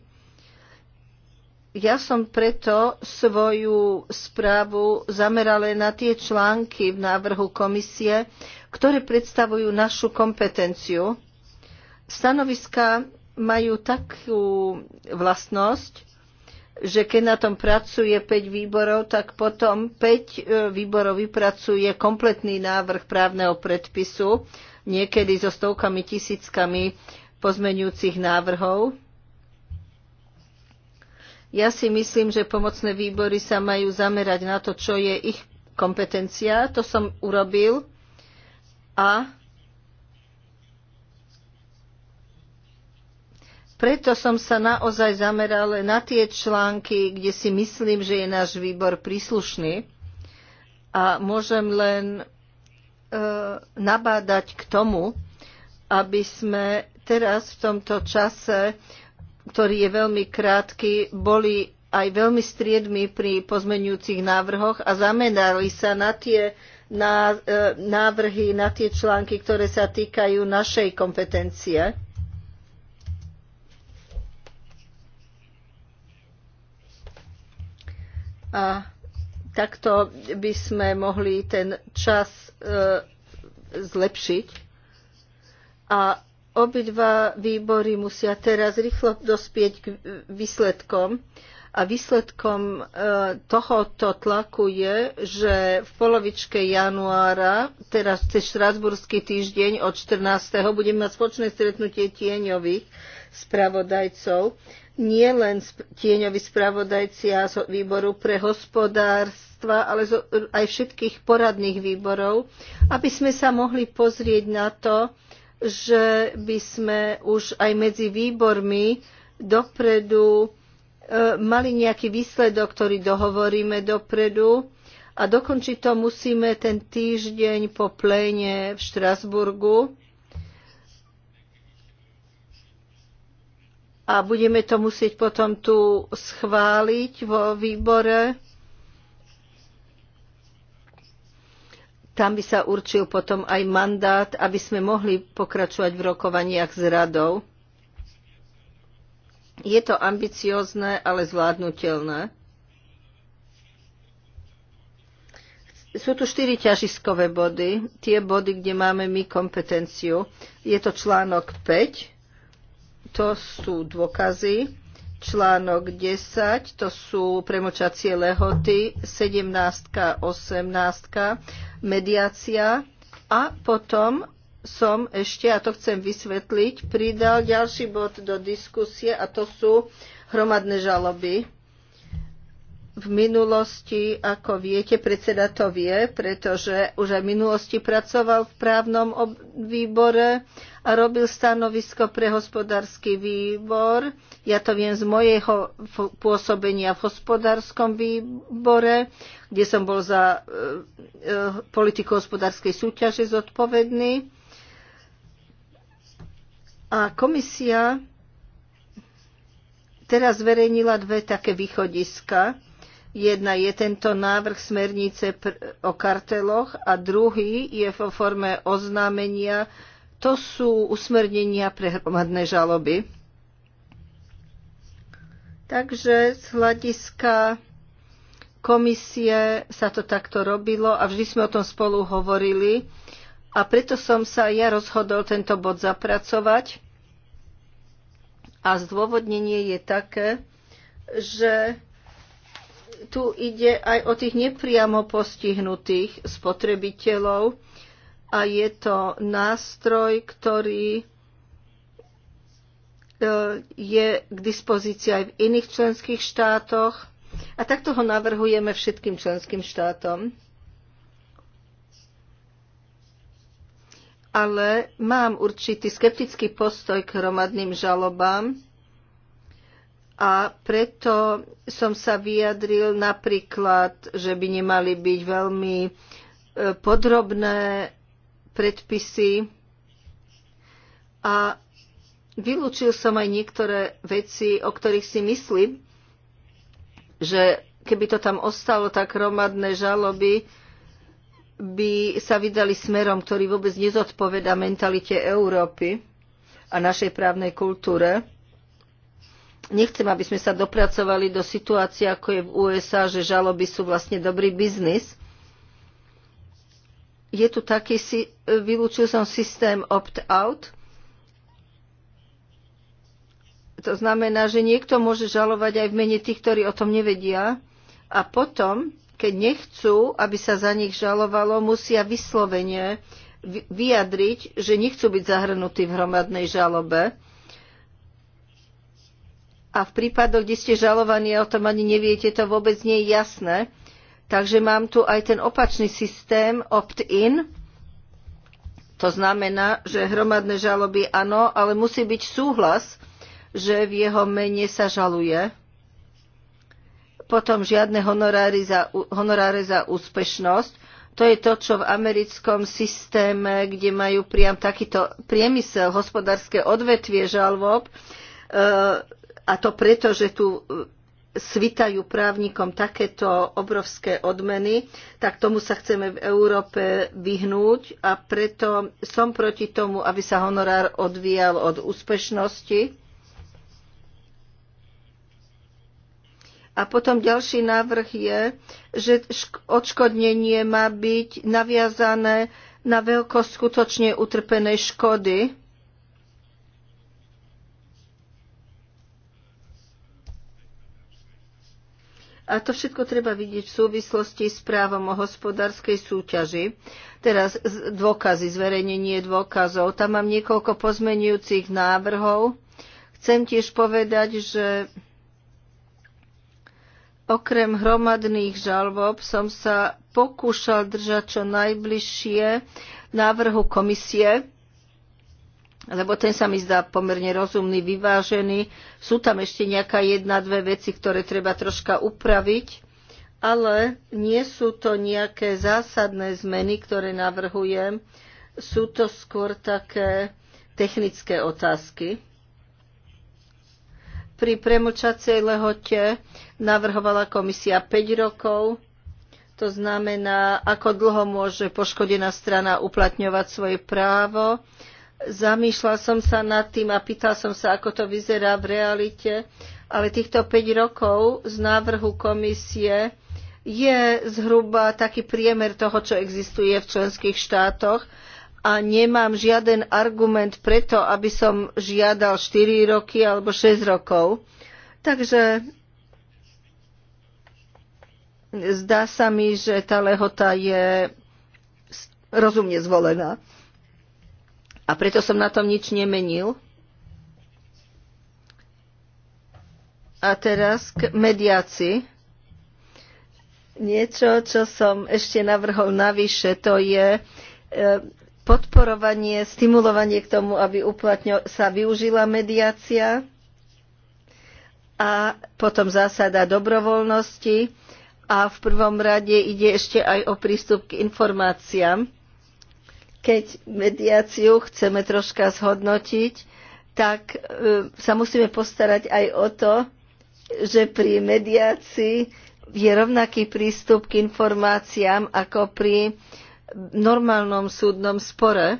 Ja som preto svoju správu zamerala na tie články v návrhu komisie, ktoré predstavujú našu kompetenciu. Stanoviska majú takú vlastnosť, že keď na tom pracuje 5 výborov, tak potom 5 e, výborov vypracuje kompletný návrh právneho predpisu, niekedy so stovkami, tisíckami pozmenujúcich návrhov ja si myslím, že pomocné výbory sa majú zamerať na to, čo je ich kompetencia. To som urobil. A Preto som sa naozaj zameral na tie články, kde si myslím, že je náš výbor príslušný a môžem len e, nabádať k tomu, aby sme teraz v tomto čase ktorý je veľmi krátky, boli aj veľmi striedmi pri pozmenujúcich návrhoch a zamenali sa na tie na, e, návrhy, na tie články, ktoré sa týkajú našej kompetencie. A takto by sme mohli ten čas e, zlepšiť. A Obidva výbory musia teraz rýchlo dospieť k výsledkom. A výsledkom e, tohoto tlaku je, že v polovičke januára, teraz cez Štrasburský týždeň od 14. budeme mať spoločné stretnutie tieňových spravodajcov. Nie len tieňoví spravodajcia z výboru pre hospodárstva, ale aj všetkých poradných výborov, aby sme sa mohli pozrieť na to, že by sme už aj medzi výbormi dopredu e, mali nejaký výsledok, ktorý dohovoríme dopredu. A dokončiť to musíme ten týždeň po pléne v Štrasburgu. A budeme to musieť potom tu schváliť vo výbore. Tam by sa určil potom aj mandát, aby sme mohli pokračovať v rokovaniach s radou. Je to ambiciozne, ale zvládnutelné. sú tu štyri ťažiskové body, tie body, kde máme my kompetenciu. Je to článok 5, to sú dôkazy, článok 10, to sú premočacie lehoty, 17, 18, mediácia a potom som ešte, a to chcem vysvetliť, pridal ďalší bod do diskusie a to sú hromadné žaloby. V minulosti, ako viete, predseda to vie, pretože už aj v minulosti pracoval v právnom výbore a robil stanovisko pre hospodársky výbor. Ja to viem z mojeho pôsobenia v hospodárskom výbore, kde som bol za e, e, politiku hospodárskej súťaže zodpovedný. A komisia teraz zverejnila dve také východiska. Jedna je tento návrh smernice o karteloch a druhý je vo forme oznámenia to sú usmernenia pre hromadné žaloby. Takže z hľadiska komisie sa to takto robilo a vždy sme o tom spolu hovorili. A preto som sa ja rozhodol tento bod zapracovať. A zdôvodnenie je také, že tu ide aj o tých nepriamo postihnutých spotrebiteľov, a je to nástroj, ktorý e, je k dispozícii aj v iných členských štátoch a takto ho navrhujeme všetkým členským štátom. Ale mám určitý skeptický postoj k hromadným žalobám a preto som sa vyjadril napríklad, že by nemali byť veľmi e, podrobné predpisy a vylúčil som aj niektoré veci, o ktorých si myslím, že keby to tam ostalo, tak hromadné žaloby by sa vydali smerom, ktorý vôbec nezodpoveda mentalite Európy a našej právnej kultúre. Nechcem, aby sme sa dopracovali do situácie, ako je v USA, že žaloby sú vlastne dobrý biznis je tu taký, e, vylúčil som systém opt-out. To znamená, že niekto môže žalovať aj v mene tých, ktorí o tom nevedia. A potom, keď nechcú, aby sa za nich žalovalo, musia vyslovene vyjadriť, že nechcú byť zahrnutí v hromadnej žalobe. A v prípadoch, kde ste žalovaní a o tom ani neviete, to vôbec nie je jasné Takže mám tu aj ten opačný systém opt-in. To znamená, že hromadné žaloby áno, ale musí byť súhlas, že v jeho mene sa žaluje. Potom žiadne honoráry za, honoráre za úspešnosť. To je to, čo v americkom systéme, kde majú priam takýto priemysel, hospodárske odvetvie žalob, e, a to preto, že tu svitajú právnikom takéto obrovské odmeny, tak tomu sa chceme v Európe vyhnúť a preto som proti tomu, aby sa honorár odvíjal od úspešnosti. A potom ďalší návrh je, že odškodnenie má byť naviazané na veľkosť skutočne utrpenej škody A to všetko treba vidieť v súvislosti s právom o hospodárskej súťaži. Teraz dôkazy, zverejnenie dôkazov. Tam mám niekoľko pozmenujúcich návrhov. Chcem tiež povedať, že okrem hromadných žalob som sa pokúšal držať čo najbližšie návrhu komisie, lebo ten sa mi zdá pomerne rozumný, vyvážený. Sú tam ešte nejaká jedna, dve veci, ktoré treba troška upraviť, ale nie sú to nejaké zásadné zmeny, ktoré navrhujem. Sú to skôr také technické otázky. Pri premočacej lehote navrhovala komisia 5 rokov, to znamená, ako dlho môže poškodená strana uplatňovať svoje právo Zamýšľal som sa nad tým a pýtal som sa, ako to vyzerá v realite, ale týchto 5 rokov z návrhu komisie je zhruba taký priemer toho, čo existuje v členských štátoch a nemám žiaden argument preto, aby som žiadal 4 roky alebo 6 rokov. Takže zdá sa mi, že tá lehota je rozumne zvolená. A preto som na tom nič nemenil. A teraz k mediácii. Niečo, čo som ešte navrhol navyše, to je e, podporovanie, stimulovanie k tomu, aby uplatňo- sa využila mediácia a potom zásada dobrovoľnosti a v prvom rade ide ešte aj o prístup k informáciám. Keď mediáciu chceme troška zhodnotiť, tak e, sa musíme postarať aj o to, že pri mediácii je rovnaký prístup k informáciám ako pri normálnom súdnom spore.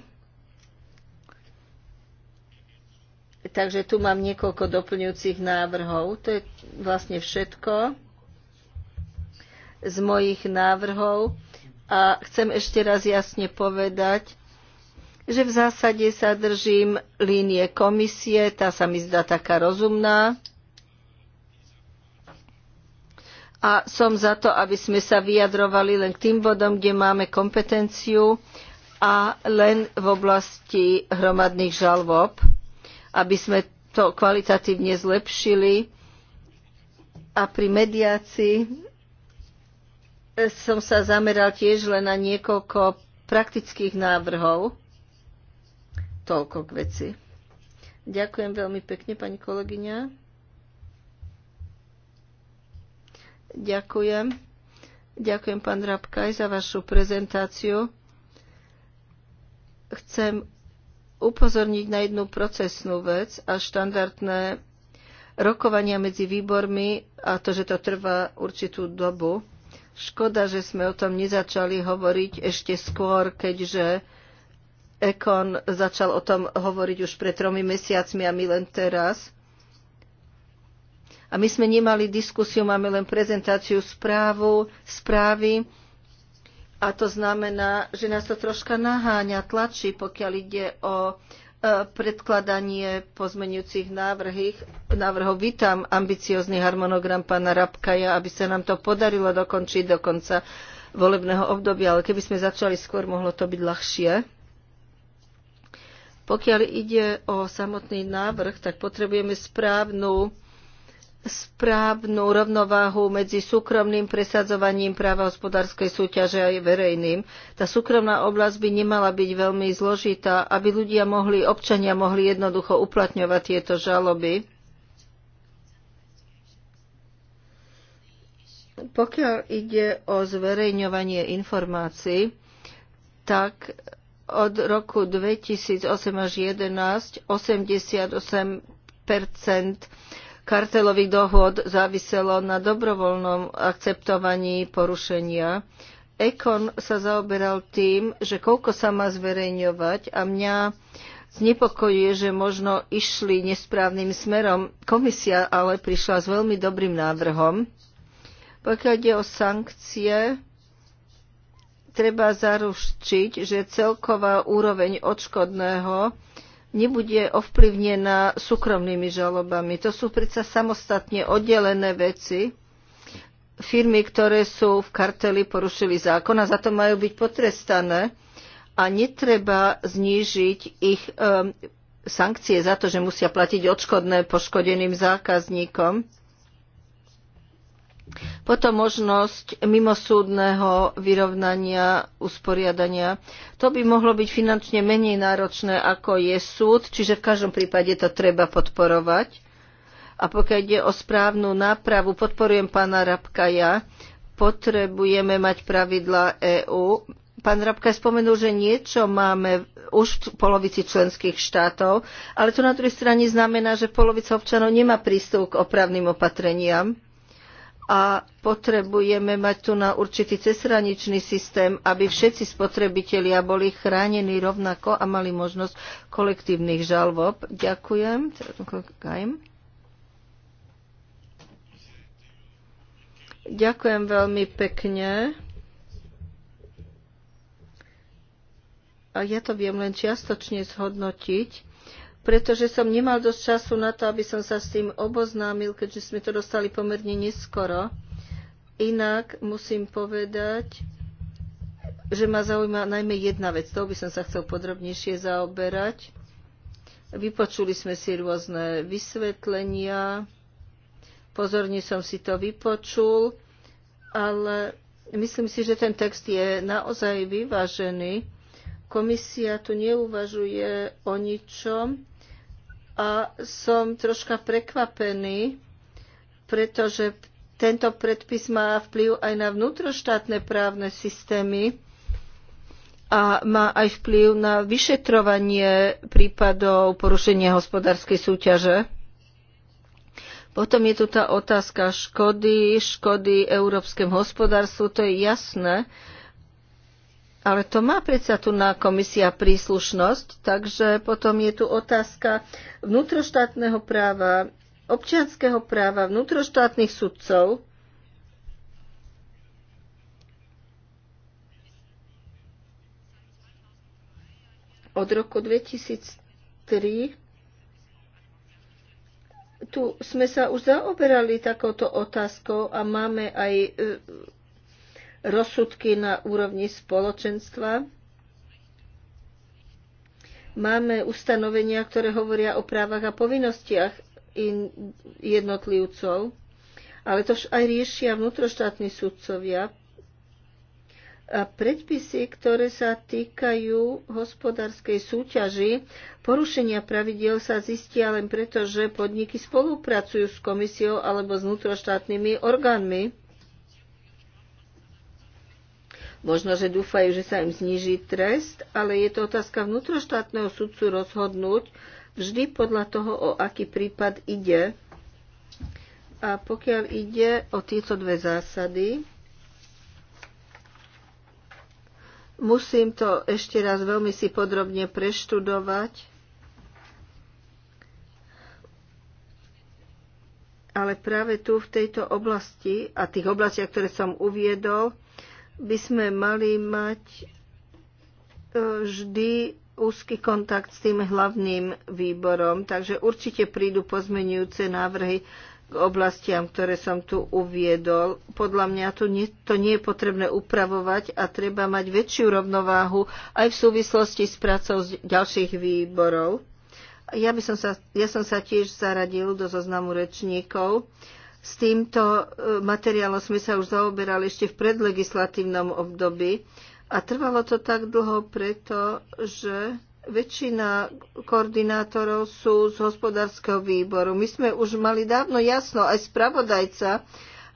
Takže tu mám niekoľko doplňujúcich návrhov. To je vlastne všetko z mojich návrhov a chcem ešte raz jasne povedať, že v zásade sa držím línie komisie, tá sa mi zdá taká rozumná. A som za to, aby sme sa vyjadrovali len k tým bodom, kde máme kompetenciu a len v oblasti hromadných žalob, aby sme to kvalitatívne zlepšili. A pri mediácii som sa zameral tiež len na niekoľko praktických návrhov. Toľko k veci. Ďakujem veľmi pekne, pani kolegyňa. Ďakujem. Ďakujem, pán Rabkaj, za vašu prezentáciu. Chcem upozorniť na jednu procesnú vec a štandardné rokovania medzi výbormi a to, že to trvá určitú dobu Škoda, že sme o tom nezačali hovoriť ešte skôr, keďže Ekon začal o tom hovoriť už pred tromi mesiacmi a my len teraz. A my sme nemali diskusiu, máme len prezentáciu správu, správy. A to znamená, že nás to troška naháňa, tlačí, pokiaľ ide o E, predkladanie pozmeňujúcich návrhov. Vítam ambiciózny harmonogram pána Rabkaja, aby sa nám to podarilo dokončiť do konca volebného obdobia, ale keby sme začali skôr, mohlo to byť ľahšie. Pokiaľ ide o samotný návrh, tak potrebujeme správnu správnu rovnováhu medzi súkromným presadzovaním práva hospodárskej súťaže a verejným. Tá súkromná oblasť by nemala byť veľmi zložitá, aby ľudia mohli, občania mohli jednoducho uplatňovať tieto žaloby. Pokiaľ ide o zverejňovanie informácií, tak od roku 2008 až 2011 88 kartelových dohôd záviselo na dobrovoľnom akceptovaní porušenia. Ekon sa zaoberal tým, že koľko sa má zverejňovať a mňa znepokojuje, že možno išli nesprávnym smerom. Komisia ale prišla s veľmi dobrým návrhom. Pokiaľ ide o sankcie, treba zaručiť, že celková úroveň odškodného nebude ovplyvnená súkromnými žalobami. To sú predsa samostatne oddelené veci. Firmy, ktoré sú v karteli, porušili zákon a za to majú byť potrestané a netreba znížiť ich um, sankcie za to, že musia platiť odškodné poškodeným zákazníkom potom možnosť mimosúdneho vyrovnania, usporiadania. To by mohlo byť finančne menej náročné, ako je súd, čiže v každom prípade to treba podporovať. A pokiaľ ide o správnu nápravu, podporujem pána Rabkaja, potrebujeme mať pravidla EÚ. Pán Rabka spomenul, že niečo máme už v polovici členských štátov, ale to na druhej strane znamená, že polovica občanov nemá prístup k opravným opatreniam a potrebujeme mať tu na určitý cezhraničný systém, aby všetci spotrebitelia boli chránení rovnako a mali možnosť kolektívnych žalob. Ďakujem. Ďakujem veľmi pekne. A ja to viem len čiastočne zhodnotiť pretože som nemal dosť času na to, aby som sa s tým oboznámil, keďže sme to dostali pomerne neskoro. Inak musím povedať, že ma zaujíma najmä jedna vec, toho by som sa chcel podrobnejšie zaoberať. Vypočuli sme si rôzne vysvetlenia, pozorne som si to vypočul, ale myslím si, že ten text je naozaj vyvážený. Komisia tu neuvažuje o ničom, a som troška prekvapený, pretože tento predpis má vplyv aj na vnútroštátne právne systémy a má aj vplyv na vyšetrovanie prípadov porušenia hospodárskej súťaže. Potom je tu tá otázka škody, škody európskem hospodárstvu, to je jasné, ale to má predsa tu na komisia príslušnosť, takže potom je tu otázka vnútroštátneho práva, občianského práva, vnútroštátnych sudcov. Od roku 2003 tu sme sa už zaoberali takouto otázkou a máme aj e, rozsudky na úrovni spoločenstva. Máme ustanovenia, ktoré hovoria o právach a povinnostiach jednotlivcov, ale to aj riešia vnútroštátni sudcovia. A predpisy, ktoré sa týkajú hospodárskej súťaži, porušenia pravidiel sa zistia len preto, že podniky spolupracujú s komisiou alebo s vnútroštátnymi orgánmi Možno, že dúfajú, že sa im zniží trest, ale je to otázka vnútroštátneho sudcu rozhodnúť vždy podľa toho, o aký prípad ide. A pokiaľ ide o tieto dve zásady, musím to ešte raz veľmi si podrobne preštudovať. Ale práve tu v tejto oblasti a tých oblastiach, ktoré som uviedol, by sme mali mať e, vždy úzky kontakt s tým hlavným výborom, takže určite prídu pozmenujúce návrhy k oblastiam, ktoré som tu uviedol. Podľa mňa tu nie, to nie je potrebné upravovať a treba mať väčšiu rovnováhu aj v súvislosti s prácou z ďalších výborov. Ja, by som sa, ja som sa tiež zaradil do zoznamu rečníkov. S týmto e, materiálom sme sa už zaoberali ešte v predlegislatívnom období a trvalo to tak dlho preto, že väčšina koordinátorov sú z hospodárskeho výboru. My sme už mali dávno jasno, aj spravodajca,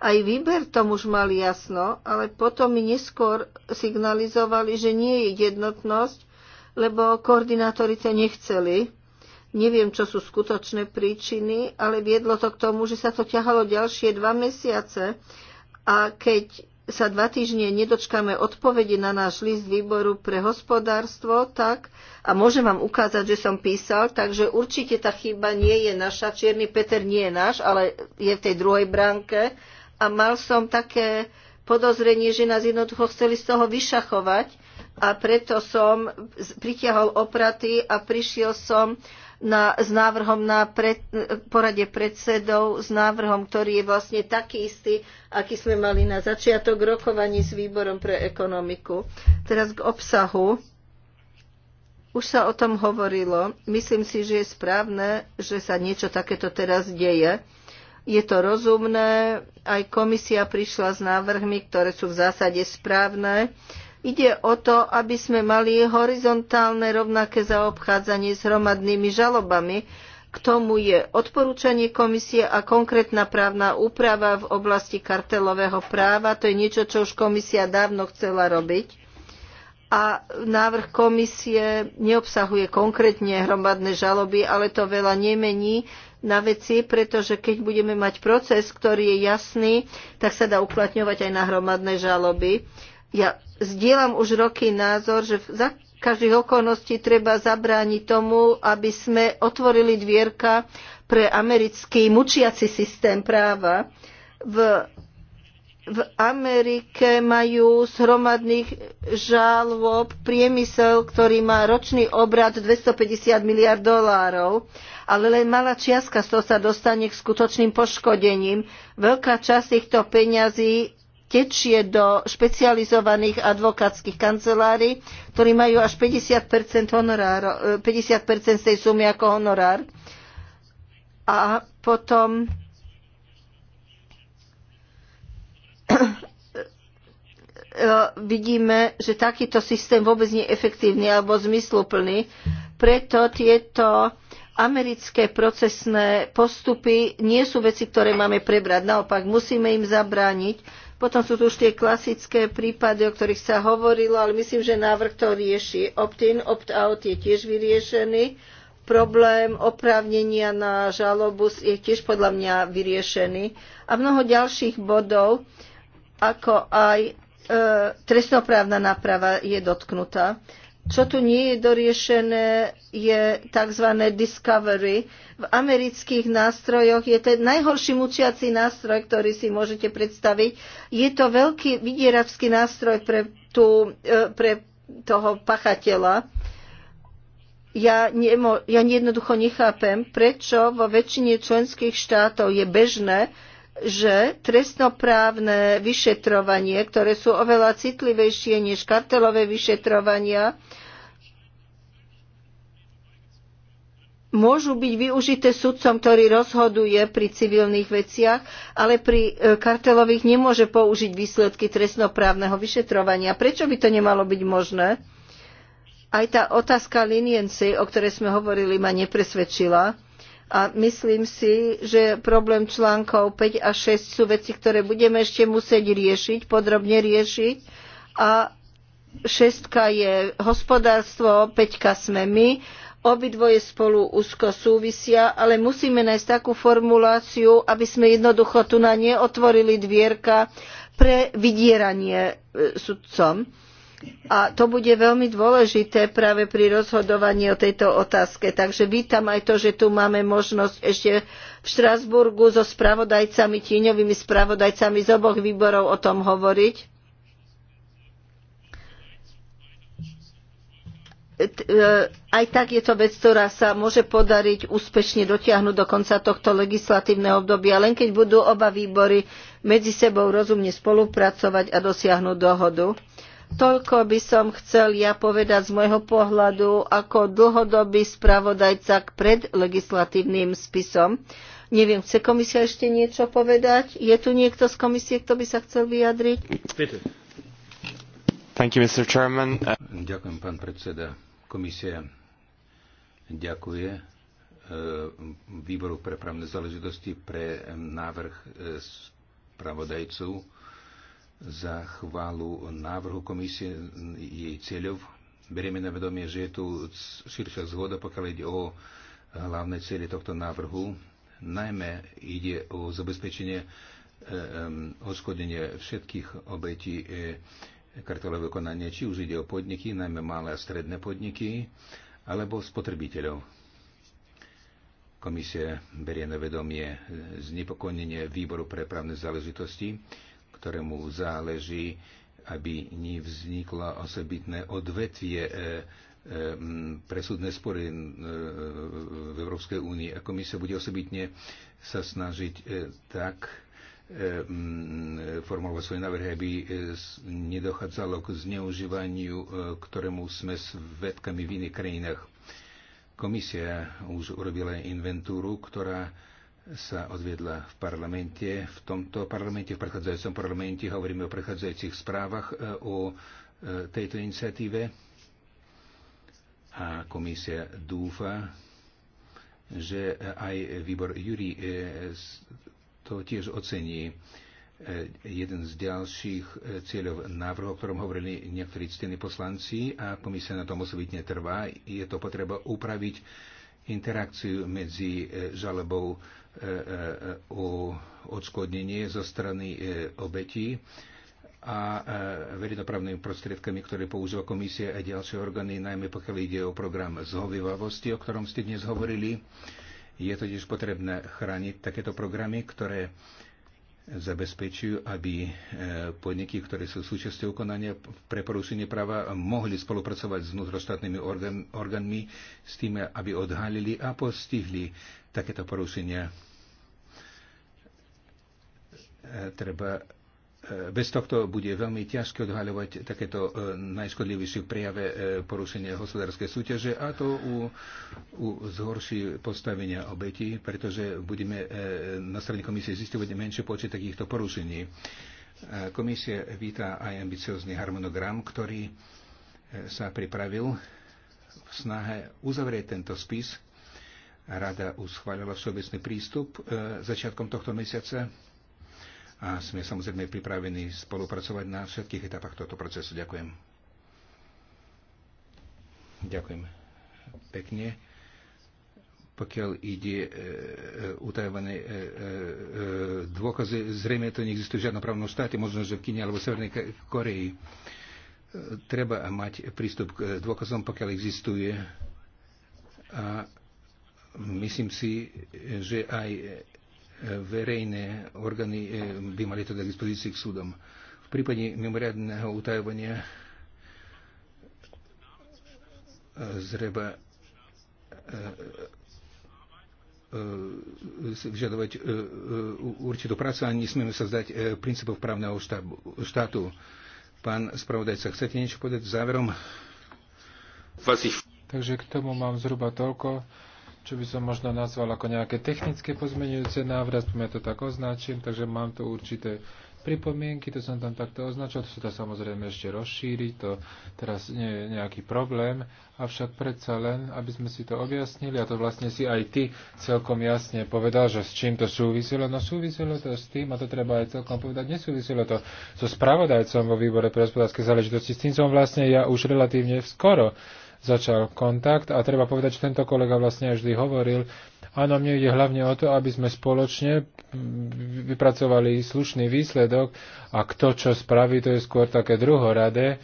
aj výber tom už mali jasno, ale potom mi neskôr signalizovali, že nie je jednotnosť, lebo koordinátori to nechceli. Neviem, čo sú skutočné príčiny, ale viedlo to k tomu, že sa to ťahalo ďalšie dva mesiace. A keď sa dva týždne nedočkáme odpovede na náš list výboru pre hospodárstvo, tak, a môžem vám ukázať, že som písal, takže určite tá chyba nie je naša, Čierny Peter nie je náš, ale je v tej druhej bránke. A mal som také podozrenie, že nás jednoducho chceli z toho vyšachovať a preto som pritiahol opraty a prišiel som na, s návrhom na pred, porade predsedov, s návrhom, ktorý je vlastne taký istý, aký sme mali na začiatok rokovaní s výborom pre ekonomiku. Teraz k obsahu. Už sa o tom hovorilo. Myslím si, že je správne, že sa niečo takéto teraz deje. Je to rozumné, aj komisia prišla s návrhmi, ktoré sú v zásade správne. Uh, Ide o to, aby sme mali horizontálne rovnaké zaobchádzanie s hromadnými žalobami. K tomu je odporúčanie komisie a konkrétna právna úprava v oblasti kartelového práva. To je niečo, čo už komisia dávno chcela robiť. A návrh komisie neobsahuje konkrétne hromadné žaloby, ale to veľa nemení na veci, pretože keď budeme mať proces, ktorý je jasný, tak sa dá uplatňovať aj na hromadné žaloby. Ja zdieľam už roky názor, že za každých okolností treba zabrániť tomu, aby sme otvorili dvierka pre americký mučiaci systém práva. V, v Amerike majú zhromadných žalob priemysel, ktorý má ročný obrad 250 miliard dolárov, ale len malá čiastka z toho sa dostane k skutočným poškodením. Veľká časť týchto peňazí tečie do špecializovaných advokátskych kancelárií, ktorí majú až 50%, 50 e, z tej sumy ako honorár. A potom <coughs> e, vidíme, že takýto systém vôbec nie je efektívny alebo zmysluplný. Preto tieto americké procesné postupy nie sú veci, ktoré máme prebrať. Naopak, musíme im zabrániť potom sú tu už tie klasické prípady, o ktorých sa hovorilo, ale myslím, že návrh to rieši. Opt-in, opt-out je tiež vyriešený. Problém oprávnenia na žalobu je tiež podľa mňa vyriešený. A mnoho ďalších bodov, ako aj e, trestnoprávna náprava je dotknutá. Čo tu nie je doriešené, je tzv. discovery. V amerických nástrojoch je ten najhorší mučiaci nástroj, ktorý si môžete predstaviť. Je to veľký vydieravský nástroj pre, tú, e, pre toho pachateľa. Ja, nemo, ja jednoducho nechápem, prečo vo väčšine členských štátov je bežné, že trestnoprávne vyšetrovanie, ktoré sú oveľa citlivejšie než kartelové vyšetrovania, môžu byť využité sudcom, ktorý rozhoduje pri civilných veciach, ale pri e, kartelových nemôže použiť výsledky trestnoprávneho vyšetrovania. Prečo by to nemalo byť možné? Aj tá otázka liniency, o ktorej sme hovorili, ma nepresvedčila a myslím si, že problém článkov 5 a 6 sú veci, ktoré budeme ešte musieť riešiť, podrobne riešiť. A šestka je hospodárstvo, peťka sme my. Obidvoje spolu úzko súvisia, ale musíme nájsť takú formuláciu, aby sme jednoducho tu na neotvorili dvierka pre vydieranie e, sudcom. A to bude veľmi dôležité práve pri rozhodovaní o tejto otázke. Takže vítam aj to, že tu máme možnosť ešte v Štrasburgu so spravodajcami, tíňovými spravodajcami z oboch výborov o tom hovoriť. E, aj tak je to vec, ktorá sa môže podariť úspešne dotiahnuť do konca tohto legislatívneho obdobia, len keď budú oba výbory medzi sebou rozumne spolupracovať a dosiahnuť dohodu Toľko by som chcel ja povedať z môjho pohľadu ako dlhodobý spravodajca k predlegislatívnym spisom. Neviem, chce komisia ešte niečo povedať? Je tu niekto z komisie, kto by sa chcel vyjadriť? Thank you, Mr. Chairman. Ďakujem, pán predseda. Komisia ďakuje e, výboru pre právne záležitosti pre e, návrh e, spravodajcov za chválu návrhu komisie jej cieľov. Berieme na vedomie, že je tu širšia zhoda, pokiaľ ide o hlavné cieľe tohto návrhu. Najmä ide o zabezpečenie e, oškodenie všetkých obetí e, kartelové konania, či už ide o podniky, najmä malé a stredné podniky, alebo spotrebiteľov. Komisia berie na vedomie e, znepokojenie výboru pre právne záležitosti, ktorému záleží, aby nevzniklo osobitné odvetvie e, e presudné spory e, e, v Európskej únii. A komisia bude osobitne sa snažiť tak formulovať svoje návrhy, aby nedochádzalo k zneužívaniu, ktorému sme svedkami v iných krajinách. Komisia už urobila inventúru, ktorá sa odviedla v parlamente, v tomto parlamente, v prechádzajúcom parlamente, hovoríme o prechádzajúcich správach, e, o e, tejto iniciatíve a komisia dúfa, že e, aj výbor Júri to tiež ocení. Jeden z ďalších cieľov návrhu, o ktorom hovorili niektorí ctení poslanci a komisia na tom osobitne trvá, je to potreba upraviť interakciu medzi žalobou o e, e, e, odškodnenie zo strany obetí a verejnoprávnymi prostriedkami, ktoré používa komisia a ďalšie orgány, najmä pokiaľ ide o program zhovivavosti, o ktorom ste dnes hovorili. Je totiž potrebné chrániť takéto programy, ktoré zabezpečujú, aby podniky, ktoré sú súčasťou konania pre porušenie práva, mohli spolupracovať s vnútroštátnymi orgánmi s tým, aby odhalili a postihli takéto porušenia. E, treba e, bez tohto bude veľmi ťažké odhaľovať takéto e, najškodlivejšie prijave porušenia hospodárskej súťaže a to u, u zhorší postavenia obetí, pretože budeme na strane komisie zistovať menšie počet takýchto porušení. Komisia víta aj ambiciózny harmonogram, ktorý sa pripravil v snahe uzavrieť tento spis Rada uschválila všeobecný prístup e, začiatkom tohto mesiaca a sme samozrejme pripravení spolupracovať na všetkých etapách tohto procesu. Ďakujem. Ďakujem pekne pokiaľ ide e, e, utajované e, e, e dôkazy. Zrejme to neexistuje v žiadnom právnom štáte, možno, že v Kine alebo v Severnej Koreji. E, Treba mať prístup k dôkazom, pokiaľ existuje. A Myslím si, že aj e, verejné orgány e, by mali to dať dispozícii k súdom. V prípade mimoriadného utajovania e, zreba vyžadovať určitú prácu a nesmieme sa zdať princípov právneho štátu. Pán spravodajca, chcete niečo povedať záverom? Takže k tomu mám zhruba toľko čo by som možno nazval ako nejaké technické pozmenujúce návrat, ja to tak označím, takže mám tu určité pripomienky, to som tam takto označil, to sa to samozrejme ešte rozšíri, to teraz nie je nejaký problém, avšak predsa len, aby sme si to objasnili, a to vlastne si aj ty celkom jasne povedal, že s čím to súviselo, no súviselo to s tým, a to treba aj celkom povedať, nesúviselo to so spravodajcom vo výbore pre hospodárske záležitosti, s tým som vlastne ja už relatívne skoro začal kontakt a treba povedať, že tento kolega vlastne vždy hovoril, áno, mne ide hlavne o to, aby sme spoločne vypracovali slušný výsledok a kto čo spraví, to je skôr také druhoradé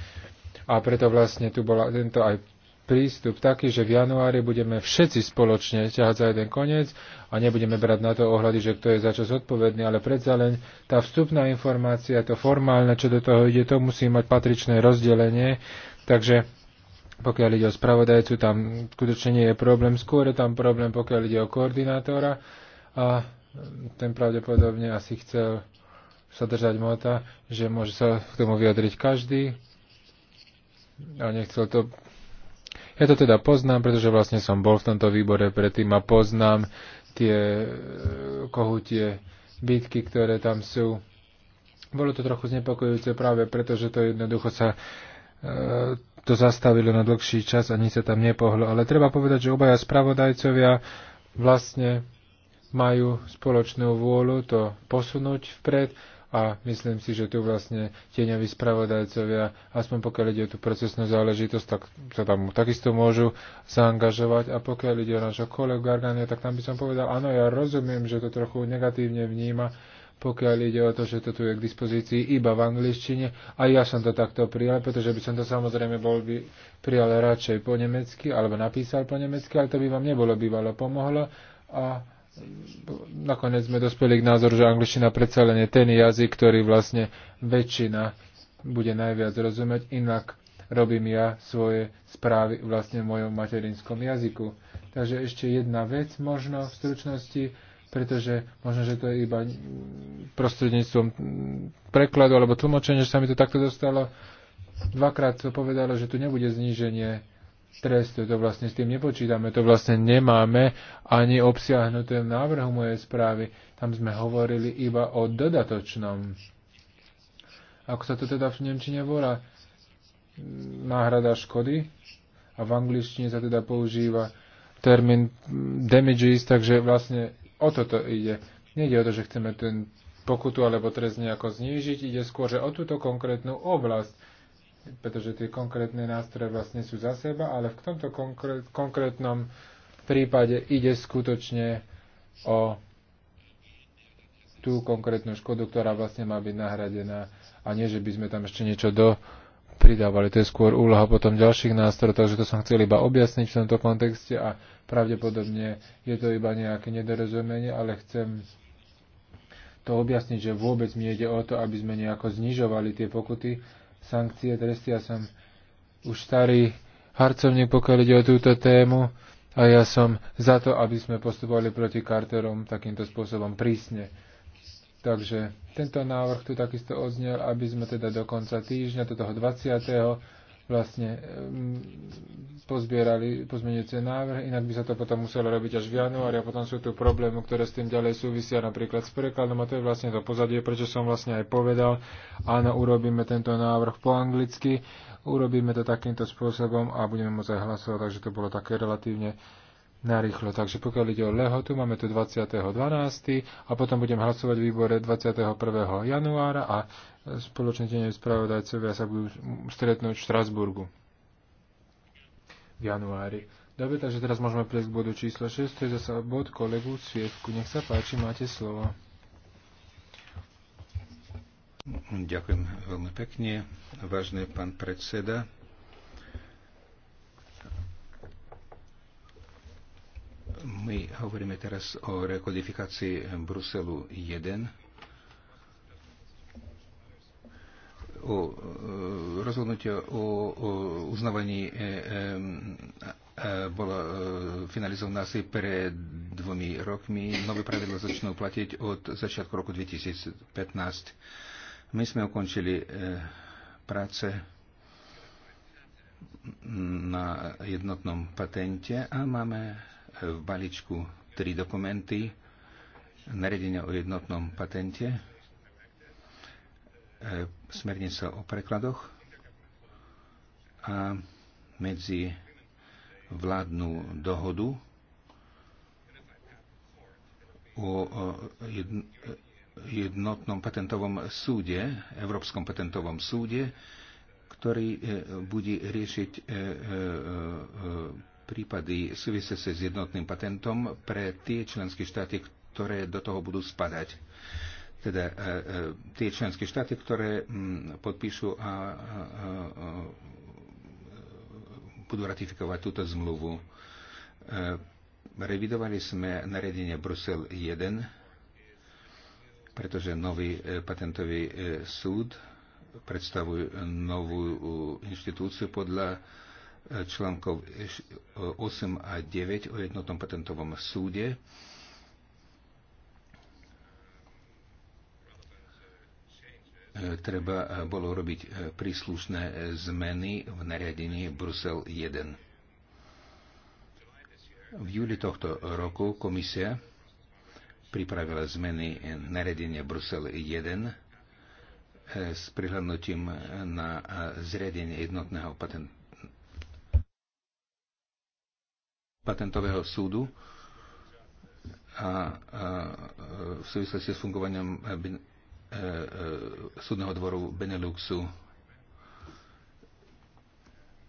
a preto vlastne tu bola tento aj prístup taký, že v januári budeme všetci spoločne ťahať za jeden koniec a nebudeme brať na to ohľady, že kto je za čo zodpovedný, ale predsa len tá vstupná informácia, to formálne, čo do toho ide, to musí mať patričné rozdelenie. Takže pokiaľ ide o spravodajcu, tam skutočne nie je problém. Skôr je tam problém, pokiaľ ide o koordinátora a ten pravdepodobne asi chcel sa držať mota, že môže sa k tomu vyjadriť každý a nechcel to ja to teda poznám, pretože vlastne som bol v tomto výbore predtým a poznám tie e, kohutie bitky, ktoré tam sú. Bolo to trochu znepokojujúce práve preto, že to jednoducho sa e, to zastavilo na dlhší čas a nič sa tam nepohlo. Ale treba povedať, že obaja spravodajcovia vlastne majú spoločnú vôľu to posunúť vpred a myslím si, že tu vlastne tieňoví spravodajcovia, aspoň pokiaľ ide o tú procesnú záležitosť, tak sa tam takisto môžu zaangažovať. A pokiaľ ide o nášho kolegu Argania, tak tam by som povedal, áno, ja rozumiem, že to trochu negatívne vníma, pokiaľ ide o to, že to tu je k dispozícii iba v angličtine. A ja som to takto prijal, pretože by som to samozrejme bol by prijal radšej po nemecky, alebo napísal po nemecky, ale to by vám nebolo bývalo pomohlo. A nakoniec sme dospeli k názoru, že angličtina predsa len je ten jazyk, ktorý vlastne väčšina bude najviac rozumieť, inak robím ja svoje správy vlastne v mojom materinskom jazyku. Takže ešte jedna vec možno v stručnosti pretože možno, že to je iba prostredníctvom prekladu alebo tlmočenia, že sa mi to takto dostalo. Dvakrát sa povedalo, že tu nebude zníženie trestu, to vlastne s tým nepočítame, to vlastne nemáme ani obsiahnuté v návrhu mojej správy. Tam sme hovorili iba o dodatočnom. Ako sa to teda v Nemčine volá? Náhrada škody? A v angličtine sa teda používa termín damages, takže vlastne o toto ide. Nejde o to, že chceme ten pokutu alebo trest nejako znížiť, ide skôr, že o túto konkrétnu oblasť, pretože tie konkrétne nástroje vlastne sú za seba, ale v tomto konkrét, konkrétnom prípade ide skutočne o tú konkrétnu škodu, ktorá vlastne má byť nahradená a nie, že by sme tam ešte niečo do pridávali. To je skôr úloha potom ďalších nástrojov, takže to som chcel iba objasniť v tomto kontexte a Pravdepodobne je to iba nejaké nedorozumenie, ale chcem to objasniť, že vôbec mi ide o to, aby sme nejako znižovali tie pokuty, sankcie, tresty. Ja som už starý harcovník, pokiaľ ide o túto tému a ja som za to, aby sme postupovali proti karterom takýmto spôsobom prísne. Takže tento návrh tu takisto odznel, aby sme teda do konca týždňa, do toho 20 vlastne pozbierali pozmeňujúce návrhy, inak by sa to potom muselo robiť až v januári a potom sú tu problémy, ktoré s tým ďalej súvisia napríklad s prekladom a to je vlastne to pozadie, prečo som vlastne aj povedal, áno, urobíme tento návrh po anglicky, urobíme to takýmto spôsobom a budeme môcť aj hlasovať, takže to bolo také relatívne narýchlo. Takže pokiaľ ide o lehotu, máme tu 20.12. a potom budem hlasovať v výbore 21. januára a spoločne tenej spravodajcovia sa budú stretnúť v Štrasburgu v januári. Dobre, takže teraz môžeme prejsť k bodu číslo 6, to je zase bod kolegu Svievku. Nech sa páči, máte slovo. Ďakujem veľmi pekne, vážne pán predseda. hovoríme teraz o rekodifikácii Bruselu 1, o rozhodnutie o, o uznávaní e, e, e bolo e, finalizované asi pred dvomi rokmi. Nové pravidla začnú platiť od začiatku roku 2015. My sme ukončili e, práce na jednotnom patente a máme v balíčku tri dokumenty, Naredenia o jednotnom patente, e, smernica o prekladoch a medzi vládnu dohodu o jednotnom patentovom súde, Európskom patentovom súde, ktorý e, bude riešiť e, prípady súvisia sa s jednotným patentom pre tie členské štáty, ktoré do toho budú spadať. Teda e, e, tie členské štáty, ktoré mm, podpíšu a budú ratifikovať túto zmluvu. E, revidovali sme naredenie Brusel 1, pretože nový patentový súd predstavuje novú inštitúciu podľa článkov 8 a 9 o jednotnom patentovom súde. Treba eh, bolo robiť eh, príslušné eh, zmeny v nariadení Brusel 1. V júli tohto roku komisia pripravila zmeny nariadenia Brusel 1 s prihľadnutím na zriadenie jednotného patentu patentového súdu a, a e, v súvislosti s fungovaním e, e, e, súdneho dvoru Beneluxu.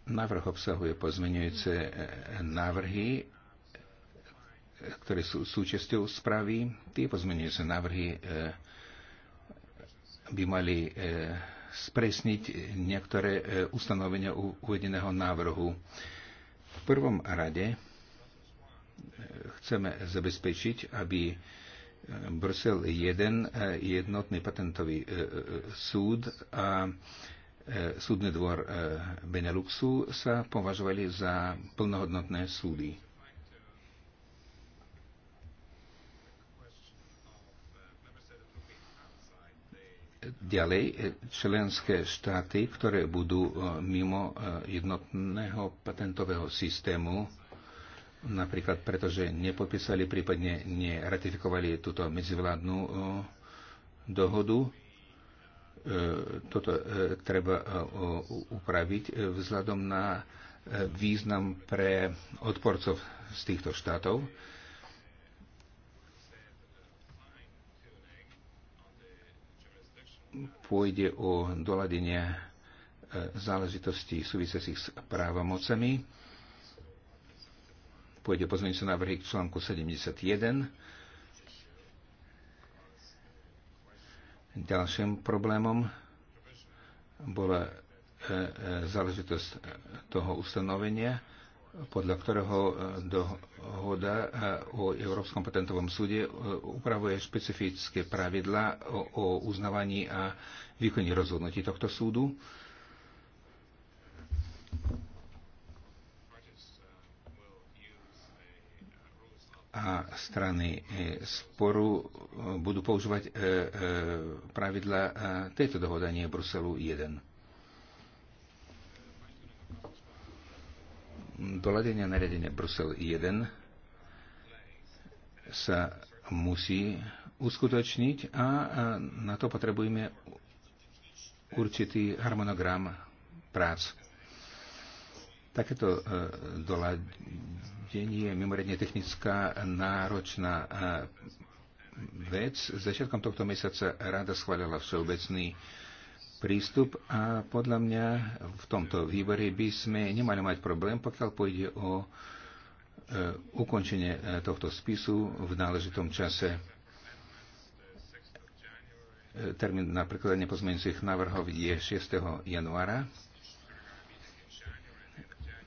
Návrh obsahuje pozmenujúce e, návrhy, ktoré sú súčasťou správy. Tie pozmenujúce návrhy e, by mali e, spresniť niektoré ustanovenia uvedeného návrhu. V prvom rade chceme zabezpečiť, aby eh, Brusel 1, eh, jednotný patentový eh, súd a súdny dvor Beneluxu sa považovali za plnohodnotné súdy. Ďalej, členské štáty, ktoré budú mimo jednotného patentového systému, napríklad preto, že nepodpísali, prípadne neratifikovali túto medzivládnu e, dohodu. E, toto e, treba upraviť vzhľadom na význam pre odporcov z týchto štátov. Pôjde o doladenie záležitostí súvisiacich s právomocami Pôjde o pozmeňujúce návrhy k článku 71. Ďalším problémom bola e, e, záležitosť toho ustanovenia, podľa ktorého e, dohoda o Európskom patentovom súde upravuje špecifické pravidla o uznávaní a výkone rozhodnutí tohto súdu. a strany e, sporu e, budú používať e, pravidla tejto dohodanie Bruselu 1. Doladenia nariadenia Brusel 1 sa musí uskutočniť a na to potrebujeme určitý harmonogram prác. Takéto doladenie deň je mimoriadne technická náročná vec. Začiatkom tohto mesiaca rada schválila všeobecný prístup a podľa mňa v tomto výbore by sme nemali mať problém, pokiaľ pôjde o e, ukončenie e, tohto spisu v náležitom čase. E, termín na prekladanie pozmeňujúcich návrhov je 6. januára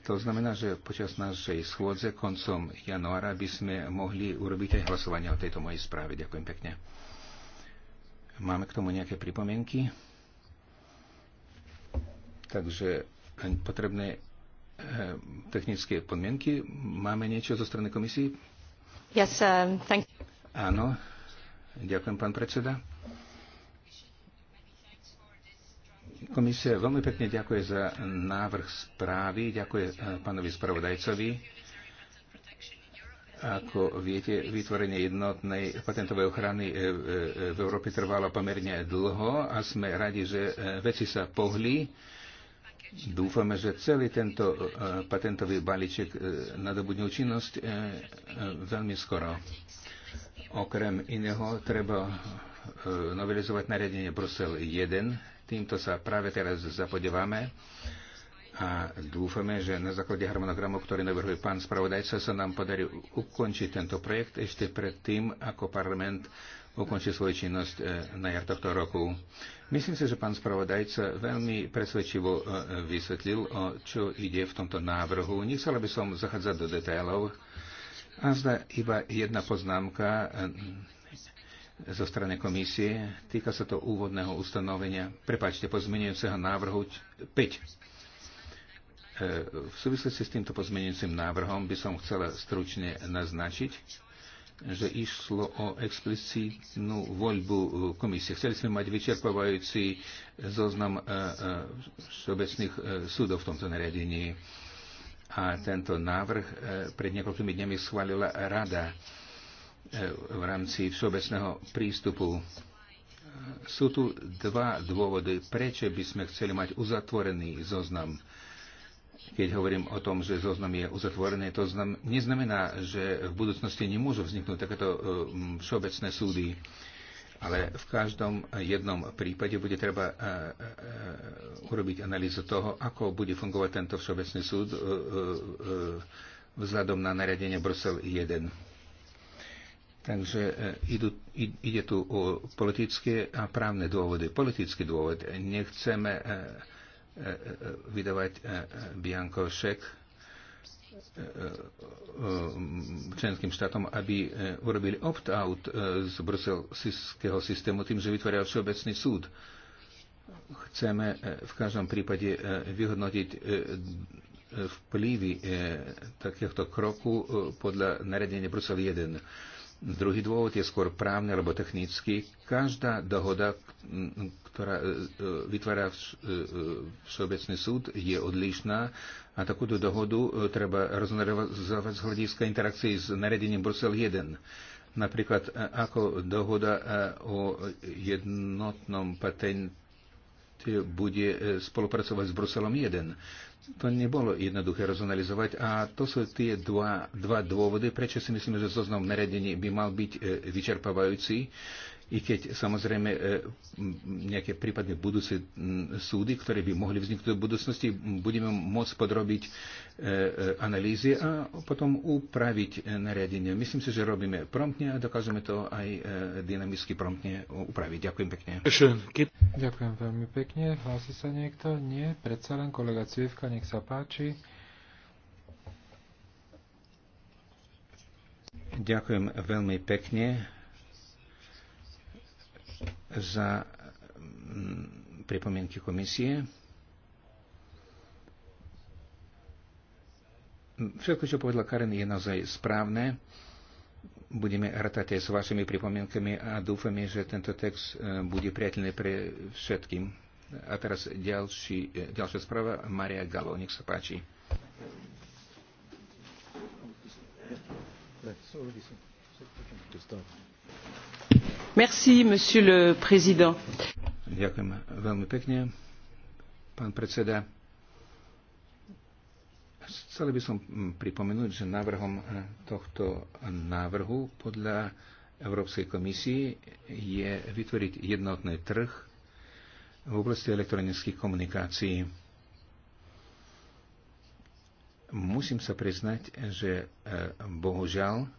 to znamená, že počas našej schôdze koncom januára by sme mohli urobiť aj hlasovanie o tejto mojej správe. Ďakujem pekne. Máme k tomu nejaké pripomienky? Takže eh, potrebné eh, technické podmienky. Máme niečo zo strany komisie? Yes, um, thank you. Áno. Ďakujem, pán predseda. Komisia veľmi pekne ďakuje za návrh správy, ďakuje eh, pánovi spravodajcovi. Ako viete, vytvorenie jednotnej patentovej ochrany eh, eh, v Európe trvalo pomerne dlho a sme radi, že veci sa pohli. Dúfame, že celý tento patentový balíček nadobudne účinnosť veľmi skoro. Okrem iného treba novelizovať nariadenie Brusel 1 Týmto sa práve teraz zapodeváme a dúfame, že na základe harmonogramu, ktorý navrhuje pán spravodajca, sa nám podarí ukončiť tento projekt ešte pred tým, ako parlament ukončí svoju činnosť e, na jar tohto roku. Myslím si, že pán spravodajca veľmi presvedčivo e, vysvetlil, o čo ide v tomto návrhu. Nechcela by som zachádzať do detailov. A zda iba jedna poznámka e, zo strany komisie. Týka sa to úvodného ustanovenia, prepáčte, pozmenujúceho návrhu 5. E, v súvislosti s týmto pozmenujúcim návrhom by som chcela stručne naznačiť, že išlo o explicitnú voľbu komisie. Chceli sme mať vyčerpávajúci zoznam e, e, všeobecných súdov v tomto nariadení. A tento návrh pred niekoľkými dňami schválila rada v rámci všeobecného prístupu. Sú tu dva dôvody, prečo by sme chceli mať uzatvorený zoznam. Keď hovorím o tom, že zoznam je uzatvorený, to znam, neznamená, že v budúcnosti nemôžu vzniknúť takéto e, všeobecné súdy. Ale v každom jednom prípade bude treba e, e, urobiť analýzu toho, ako bude fungovať tento všeobecný súd vzhľadom na nariadenie Brusel 1 Takže e, idú, ide tu o politické a právne dôvody. Politický dôvod. Nechceme e, e, vydávať Bianko šek členským štátom, aby urobili opt-out z bruselského systému tým, že vytvoria všeobecný súd. Chceme v každom prípade vyhodnotiť vplyvy takéhoto kroku podľa naredenia Brusel 1. Druhý dôvod je skôr právny alebo technický. Každá dohoda, ktorá e, e, vytvára e, Všeobecný súd, je odlišná a takúto dohodu treba rozmerovať z hľadiska interakcií s naredením Brusel 1. Napríklad ako dohoda o jednotnom patent bude e, spolupracovať s Bruselom 1. To nebolo jednoduché racionalizovať a to sú tie dva, dva dôvody, prečo si myslíme, že zoznam nariadení by mal byť e, vyčerpávajúci i keď samozrejme e, nejaké prípadne budúce súdy, ktoré by mohli vzniknúť v budúcnosti, budeme môcť podrobiť e, e, analýzy a potom upraviť nariadenie. Myslím si, že robíme promptne a dokážeme to aj dynamicky promptne upraviť. Ďakujem pekne. Ďakujem veľmi pekne. Hlási sa niekto? Nie. Predsa len kolega Cvievka, nech sa páči. Ďakujem veľmi pekne za mm, pripomienky komisie. Všetko, čo povedala Karen, je naozaj správne. Budeme ratať aj s vašimi pripomienkami a dúfame, že tento text e, bude priateľný pre všetkým. A teraz ďalší, e, ďalšia správa, Maria Galo, nech sa páči. To start. Ďakujem veľmi pekne, pán predseda. Chcel by som mm, pripomenúť, že návrhom eh, tohto návrhu podľa Európskej komisie je vytvoriť jednotný trh v oblasti elektronických komunikácií. Musím sa priznať, že eh, bohužiaľ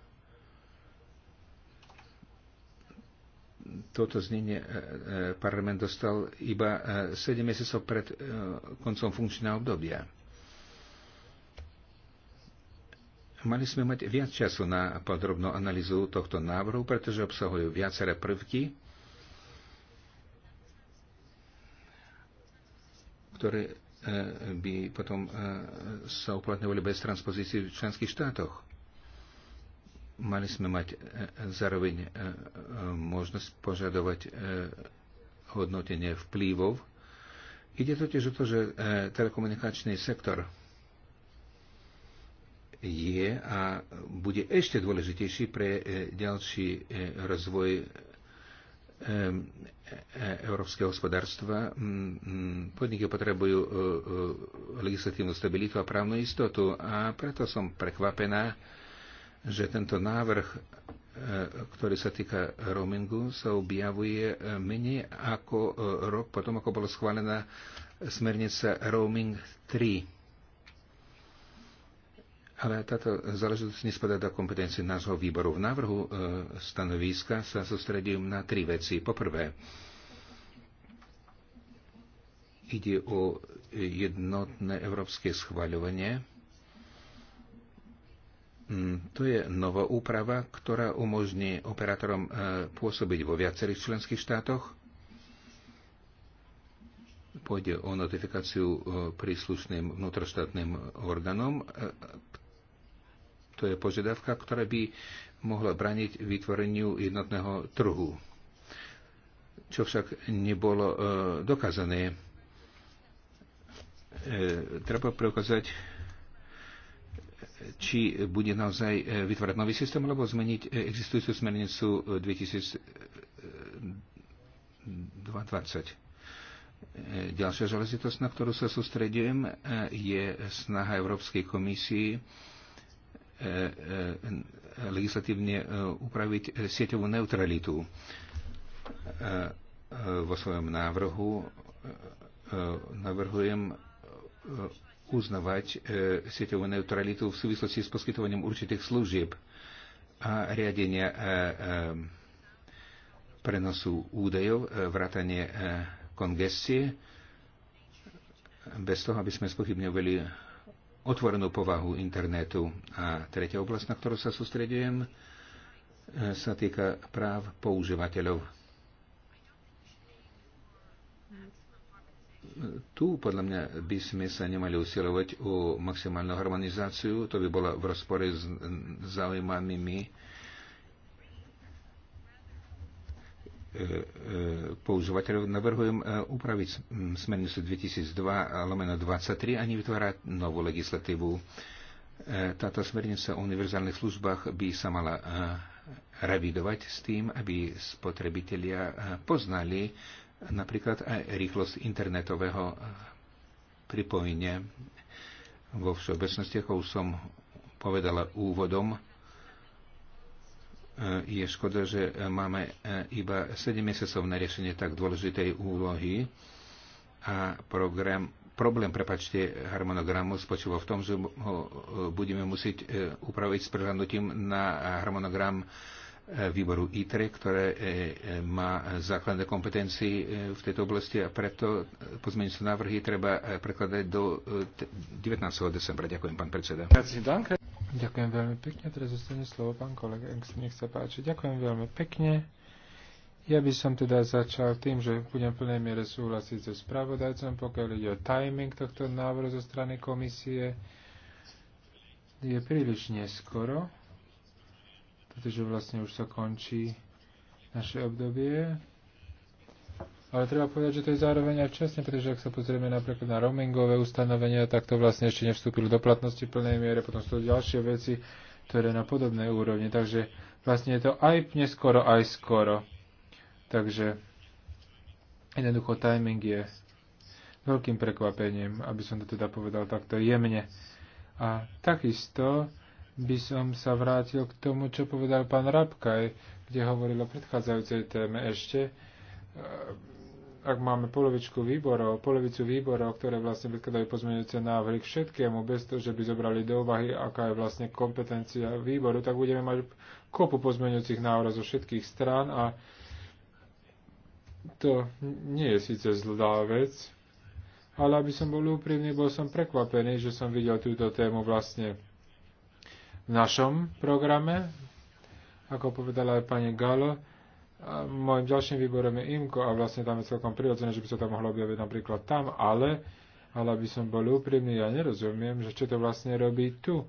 toto znenie e, e, parlament dostal iba 7 e, mesiacov pred koncom funkčného obdobia. Mali sme mať viac času na podrobnú analýzu tohto návrhu, pretože obsahujú viaceré prvky, ktoré by potom sa uplatňovali bez transpozície v členských štátoch mali sme mať e, e, zároveň e, možnosť požadovať hodnotenie vplyvov. Ide totiž o to, že telekomunikačný sektor je a bude ešte dôležitejší pre ďalší rozvoj európskeho hospodárstva. Podniky potrebujú legislatívnu stabilitu a právnu istotu a preto som prekvapená, že tento návrh, e, ktorý sa týka roamingu, sa objavuje e, menej ako e, rok potom, ako bola schválená smernica Roaming 3. Ale táto záležitosť nespadá do kompetencie nášho výboru. V návrhu stanoviska sa sústredím na tri veci. Poprvé, ide o jednotné európske schvaľovanie Mm, to je nová úprava, ktorá umožní operátorom e, pôsobiť vo viacerých členských štátoch. Pôjde o notifikáciu e, príslušným vnútroštátnym orgánom. E, to je požiadavka, ktorá by mohla braniť vytvoreniu jednotného trhu, čo však nebolo dokázané. Treba preukázať či bude naozaj e, vytvárať nový systém, alebo zmeniť e, existujúcu smernicu 2020. E, ďalšia železitosť, na ktorú sa sústredujem, je snaha Európskej komisii legislatívne upraviť sieťovú neutralitu. Vo svojom návrhu navrhujem uznávať e, sieťovú neutralitu v súvislosti s poskytovaním určitých služieb a riadenia e, e, prenosu údajov, vrátanie kongestie, bez toho, aby sme spochybňovali otvorenú povahu internetu. A tretia oblasť, na ktorú sa sústredujem, sa týka práv používateľov tu podľa mňa by sme sa nemali usilovať o maximálnu harmonizáciu, to by bolo v rozpore s zaujímavými e, e, používateľov navrhujem e, upraviť smernicu 2002 lomeno 23 a nevytvárať novú legislatívu. Táto smernica o univerzálnych službách by sa mala revidovať s tým, aby spotrebitelia poznali napríklad aj rýchlosť internetového eh, pripojenia. Vo všeobecnosti, ako som povedala úvodom, eh, je škoda, že máme eh, iba 7 mesiacov na riešenie tak dôležitej úlohy a program, problém, prepačte, harmonogramu spočíva v tom, že ho budeme musieť upraviť s prehľadnutím na harmonogram výboru ITRE, ktoré e, e, má základné kompetencie e, v tejto oblasti a preto pozmeňujúce návrhy treba prekladať do 19. decembra. Ďakujem, pán predseda. Ďakujem veľmi pekne. Teraz zostane slovo pán kolega ak sa nechce páči. Ďakujem veľmi pekne. Ja by som teda začal tým, že budem v plnej miere súhlasiť so spravodajcom, pokiaľ ide o timing tohto návrhu zo strany komisie. Je príliš neskoro pretože vlastne už sa končí naše obdobie. Ale treba povedať, že to je zároveň aj včasne, pretože ak sa pozrieme napríklad na roamingové ustanovenia, tak to vlastne ešte nevstúpilo do platnosti v plnej miere, potom sú to ďalšie veci, ktoré na podobnej úrovni. Takže vlastne je to aj neskoro, aj skoro. Takže jednoducho timing je veľkým prekvapením, aby som to teda povedal takto jemne. A takisto by som sa vrátil k tomu, čo povedal pán Rabkaj, kde hovoril o predchádzajúcej téme ešte. E, ak máme polovičku výborov, polovicu výborov, ktoré vlastne vykladajú pozmeňujúce návrhy k všetkému, bez toho, že by zobrali do úvahy, aká je vlastne kompetencia výboru, tak budeme mať kopu pozmeňujúcich návrhov zo všetkých strán a to nie je síce zlá vec, ale aby som bol úprimný, bol som prekvapený, že som videl túto tému vlastne v našom programe. Ako povedala aj pani Galo, môjim ďalším výborom je IMKO a vlastne tam je celkom prirodzené, že by sa to mohlo objaviť napríklad tam, ale, ale aby som bol úprimný, ja nerozumiem, že čo to vlastne robí tu.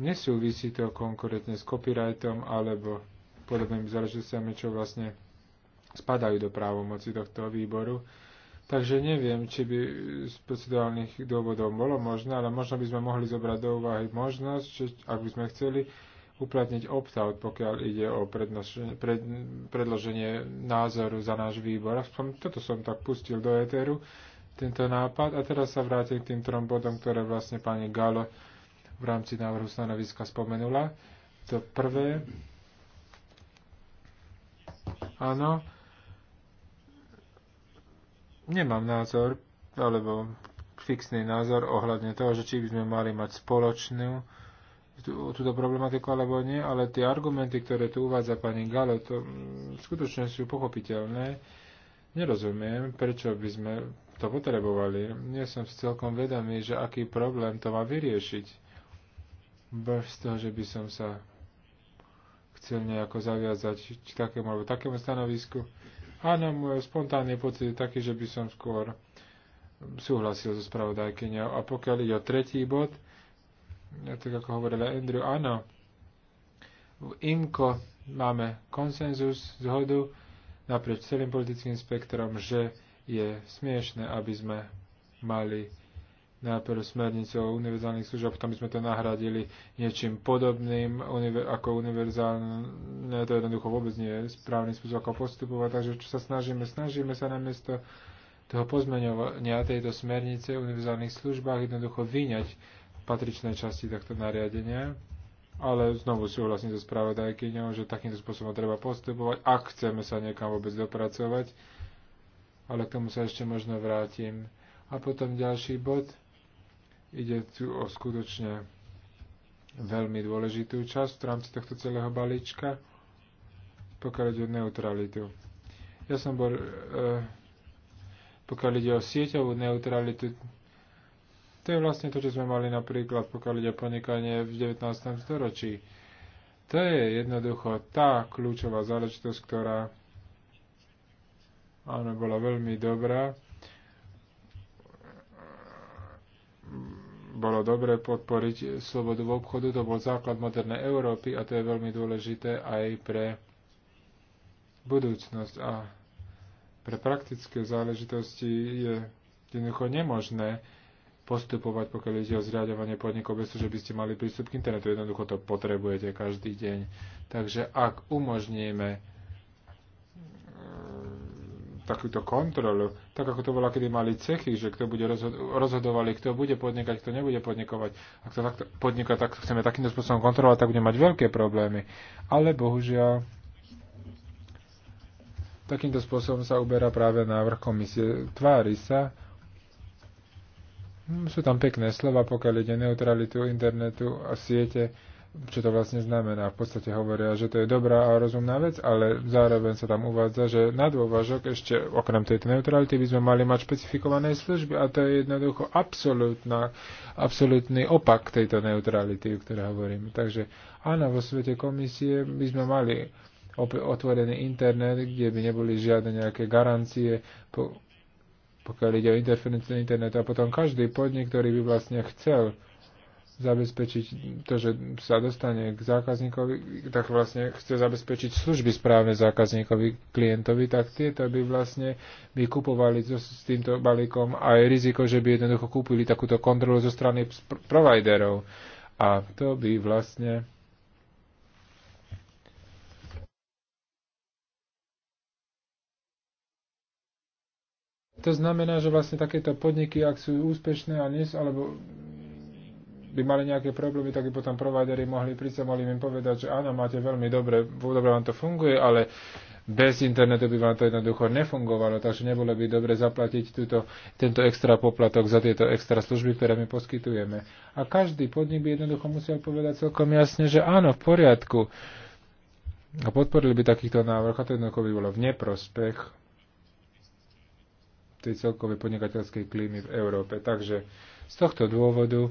Nesúvisí to konkrétne s copyrightom alebo podobnými záležitostiami, čo vlastne spadajú do právomoci tohto výboru. Takže neviem, či by z procedurálnych dôvodov bolo možné, ale možno by sme mohli zobrať do úvahy možnosť, či, ak by sme chceli, uplatniť opt-out, pokiaľ ide o pred, predloženie názoru za náš výbor. Aspoň toto som tak pustil do éteru, tento nápad. A teraz sa vrátim k tým trom bodom, ktoré vlastne pani Galo v rámci návrhu stanoviska spomenula. To prvé, áno, nemám názor, alebo fixný názor ohľadne toho, že či by sme mali mať spoločnú tú, túto problematiku alebo nie, ale tie argumenty, ktoré tu uvádza pani Galo, to mm, skutočne sú pochopiteľné. Nerozumiem, prečo by sme to potrebovali. Nie som si celkom vedomý, že aký problém to má vyriešiť. Bez toho, že by som sa chcel nejako zaviazať k takému alebo takému stanovisku. Áno, môj spontánny pocit je taký, že by som skôr súhlasil so spravodajkyňou. A pokiaľ ide o tretí bod, tak ako hovorila Andrew, áno, v IMCO máme konsenzus, zhodu naprieč celým politickým spektrom, že je smiešne, aby sme mali najprv smernicu o univerzálnych službách, potom by sme to nahradili niečím podobným ako univerzálne, to jednoducho vôbec nie je správny spôsob, ako postupovať. Takže čo sa snažíme? Snažíme sa namiesto toho pozmeňovania tejto smernice o univerzálnych službách jednoducho vyňať patričné časti takto nariadenia. Ale znovu súhlasím so spravodajkyňou, že takýmto spôsobom treba postupovať, ak chceme sa niekam vôbec dopracovať. Ale k tomu sa ešte možno vrátim. A potom ďalší bod Ide tu o skutočne veľmi dôležitú časť v rámci tohto celého balíčka, pokiaľ ide o neutralitu. Ja som bol, e, pokiaľ ide o sieťovú neutralitu, to je vlastne to, čo sme mali napríklad, pokiaľ ide o ponikanie v 19. storočí. To je jednoducho tá kľúčová záležitosť, ktorá áno, bola veľmi dobrá bolo dobre podporiť slobodu v obchodu. To bol základ modernej Európy a to je veľmi dôležité aj pre budúcnosť. A pre praktické záležitosti je jednoducho nemožné postupovať, pokiaľ ide o zriadovanie podnikov bez toho, že by ste mali prístup k internetu. Jednoducho to potrebujete každý deň. Takže ak umožníme takúto kontrolu, tak ako to bola, kedy mali cechy, že kto bude rozhod- rozhodovali, kto bude podnikať, kto nebude podnikovať. Ak to takto podniká, tak chceme takýmto spôsobom kontrolovať, tak bude mať veľké problémy. Ale bohužiaľ, takýmto spôsobom sa uberá práve návrh komisie. Tvári sa, sú tam pekné slova, pokiaľ ide neutralitu internetu a siete, čo to vlastne znamená. V podstate hovoria, že to je dobrá a rozumná vec, ale zároveň sa tam uvádza, že na dôvažok ešte okrem tejto neutrality by sme mali mať špecifikované služby a to je jednoducho absolútna, absolútny opak tejto neutrality, o ktorej hovorím. Takže áno, vo svete komisie by sme mali otvorený internet, kde by neboli žiadne nejaké garancie, pokiaľ ide o interferenciu internetu. A potom každý podnik, ktorý by vlastne chcel zabezpečiť to, že sa dostane k zákazníkovi, tak vlastne chce zabezpečiť služby správne zákazníkovi, klientovi, tak tieto by vlastne by kupovali so, s týmto balíkom aj riziko, že by jednoducho kúpili takúto kontrolu zo strany providerov. A to by vlastne To znamená, že vlastne takéto podniky, ak sú úspešné a nie, alebo by mali nejaké problémy, tak by potom provideri mohli prísť a mohli im povedať, že áno, máte veľmi dobre, dobre vám to funguje, ale bez internetu by vám to jednoducho nefungovalo, takže nebolo by dobre zaplatiť túto, tento extra poplatok za tieto extra služby, ktoré my poskytujeme. A každý podnik by jednoducho musel povedať celkom jasne, že áno, v poriadku. A podporili by takýchto návrh a to jednoducho by bolo v neprospech tej celkovej podnikateľskej klímy v Európe. Takže z tohto dôvodu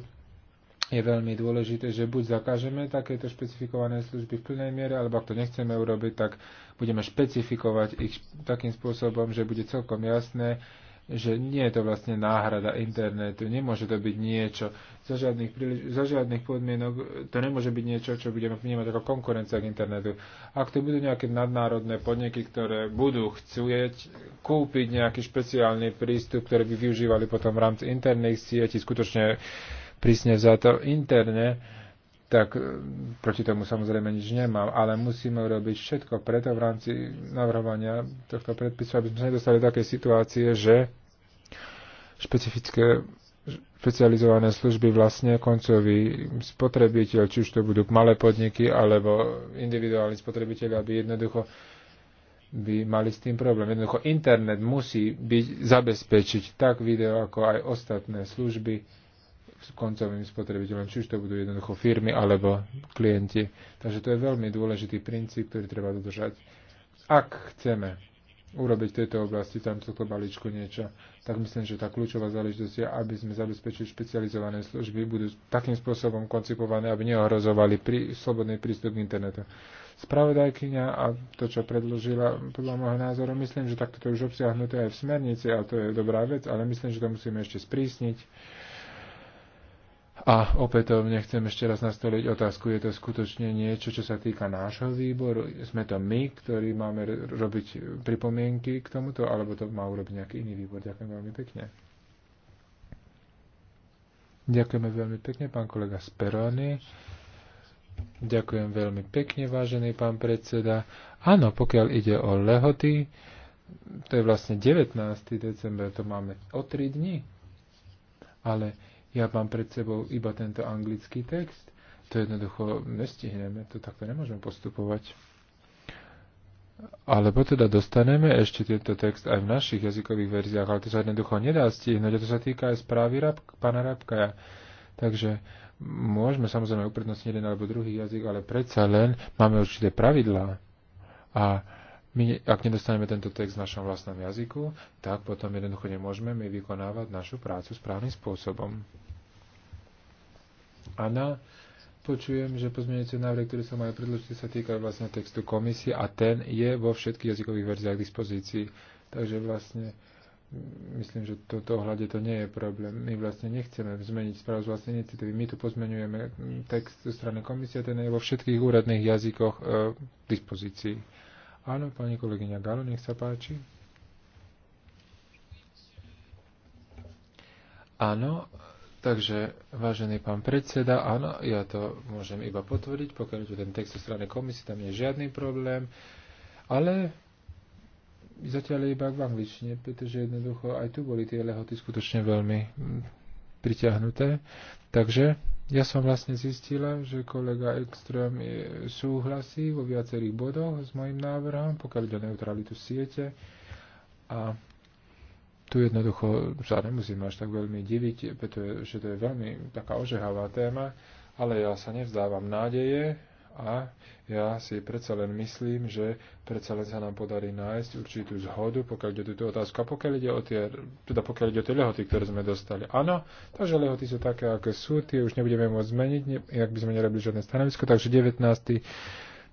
je veľmi dôležité, že buď zakážeme takéto špecifikované služby v plnej miere, alebo ak to nechceme urobiť, tak budeme špecifikovať ich takým spôsobom, že bude celkom jasné, že nie je to vlastne náhrada internetu, nemôže to byť niečo, za žiadnych, príliš, za žiadnych podmienok to nemôže byť niečo, čo budeme vnímať ako konkurencia k internetu. Ak to budú nejaké nadnárodné podniky, ktoré budú chcieť kúpiť nejaký špeciálny prístup, ktorý by využívali potom v rámci interných sietí, skutočne prísne vzato interne, tak e, proti tomu samozrejme nič nemám, ale musíme urobiť všetko preto v rámci navrhovania tohto predpisu, aby sme sa nedostali do takej situácie, že špecifické špecializované služby vlastne koncový spotrebiteľ, či už to budú malé podniky alebo individuálni spotrebiteľ, aby jednoducho by mali s tým problém. Jednoducho internet musí byť zabezpečiť tak video, ako aj ostatné služby, koncovým spotrebiteľom, či už to budú jednoducho firmy alebo klienti. Takže to je veľmi dôležitý princíp, ktorý treba dodržať. Ak chceme urobiť v tejto oblasti, tam toto balíčku niečo, tak myslím, že tá kľúčová záležitosť je, aby sme zabezpečili špecializované služby, budú takým spôsobom koncipované, aby neohrozovali prí, slobodný prístup k internetu. Spravodajkyňa a to, čo predložila, podľa môjho názoru, myslím, že takto to je už obsiahnuté aj v smernici a to je dobrá vec, ale myslím, že to musíme ešte sprísniť a opätovne chcem ešte raz nastoliť otázku, je to skutočne niečo, čo sa týka nášho výboru? Sme to my, ktorí máme robiť pripomienky k tomuto, alebo to má urobiť nejaký iný výbor? Ďakujem veľmi pekne. Ďakujeme veľmi pekne, pán kolega Speroni. Ďakujem veľmi pekne, vážený pán predseda. Áno, pokiaľ ide o lehoty, to je vlastne 19. december, to máme o 3 dní. Ale ja mám pred sebou iba tento anglický text. To jednoducho nestihneme, to takto nemôžeme postupovať. Alebo teda dostaneme ešte tento text aj v našich jazykových verziách, ale to sa jednoducho nedá stihnúť a to sa týka aj správy rab, pána Rabkaja. Takže môžeme samozrejme uprednostniť jeden alebo druhý jazyk, ale predsa len máme určité pravidlá. A my, ak nedostaneme tento text v našom vlastnom jazyku, tak potom jednoducho nemôžeme my vykonávať našu prácu správnym spôsobom. Ana. počujem, že pozmeňujúce návrhy, ktoré sa majú predložiť, sa týkajú vlastne textu komisie a ten je vo všetkých jazykových verziách k dispozícii. Takže vlastne mm, myslím, že v tomto ohľade to nie je problém. My vlastne nechceme zmeniť správu z vlastnej iniciatívy. My tu pozmeňujeme mm, text zo strany komisie, ten je vo všetkých úradných jazykoch e, k dispozícii. Áno, pani kolegyňa Galo, nech sa páči. Áno, Takže, vážený pán predseda, áno, ja to môžem iba potvrdiť, pokiaľ tu ten text zo strany komisie, tam je žiadny problém, ale zatiaľ je iba v angličtine, pretože jednoducho aj tu boli tie lehoty skutočne veľmi hm, priťahnuté. Takže ja som vlastne zistila, že kolega Ekström súhlasí vo viacerých bodoch s mojim návrhom, pokiaľ ide o neutralitu siete. A tu jednoducho sa nemusíme až tak veľmi diviť, pretože to je veľmi taká ožehavá téma, ale ja sa nevzdávam nádeje a ja si predsa len myslím, že predsa len sa nám podarí nájsť určitú zhodu, pokiaľ ide o túto otázku a pokiaľ ide o tie, teda pokiaľ ide o tie lehoty, ktoré sme dostali. Áno, takže lehoty sú také, aké sú, tie už nebudeme môcť zmeniť, ne, ak by sme nerobili žiadne stanovisko, takže 19.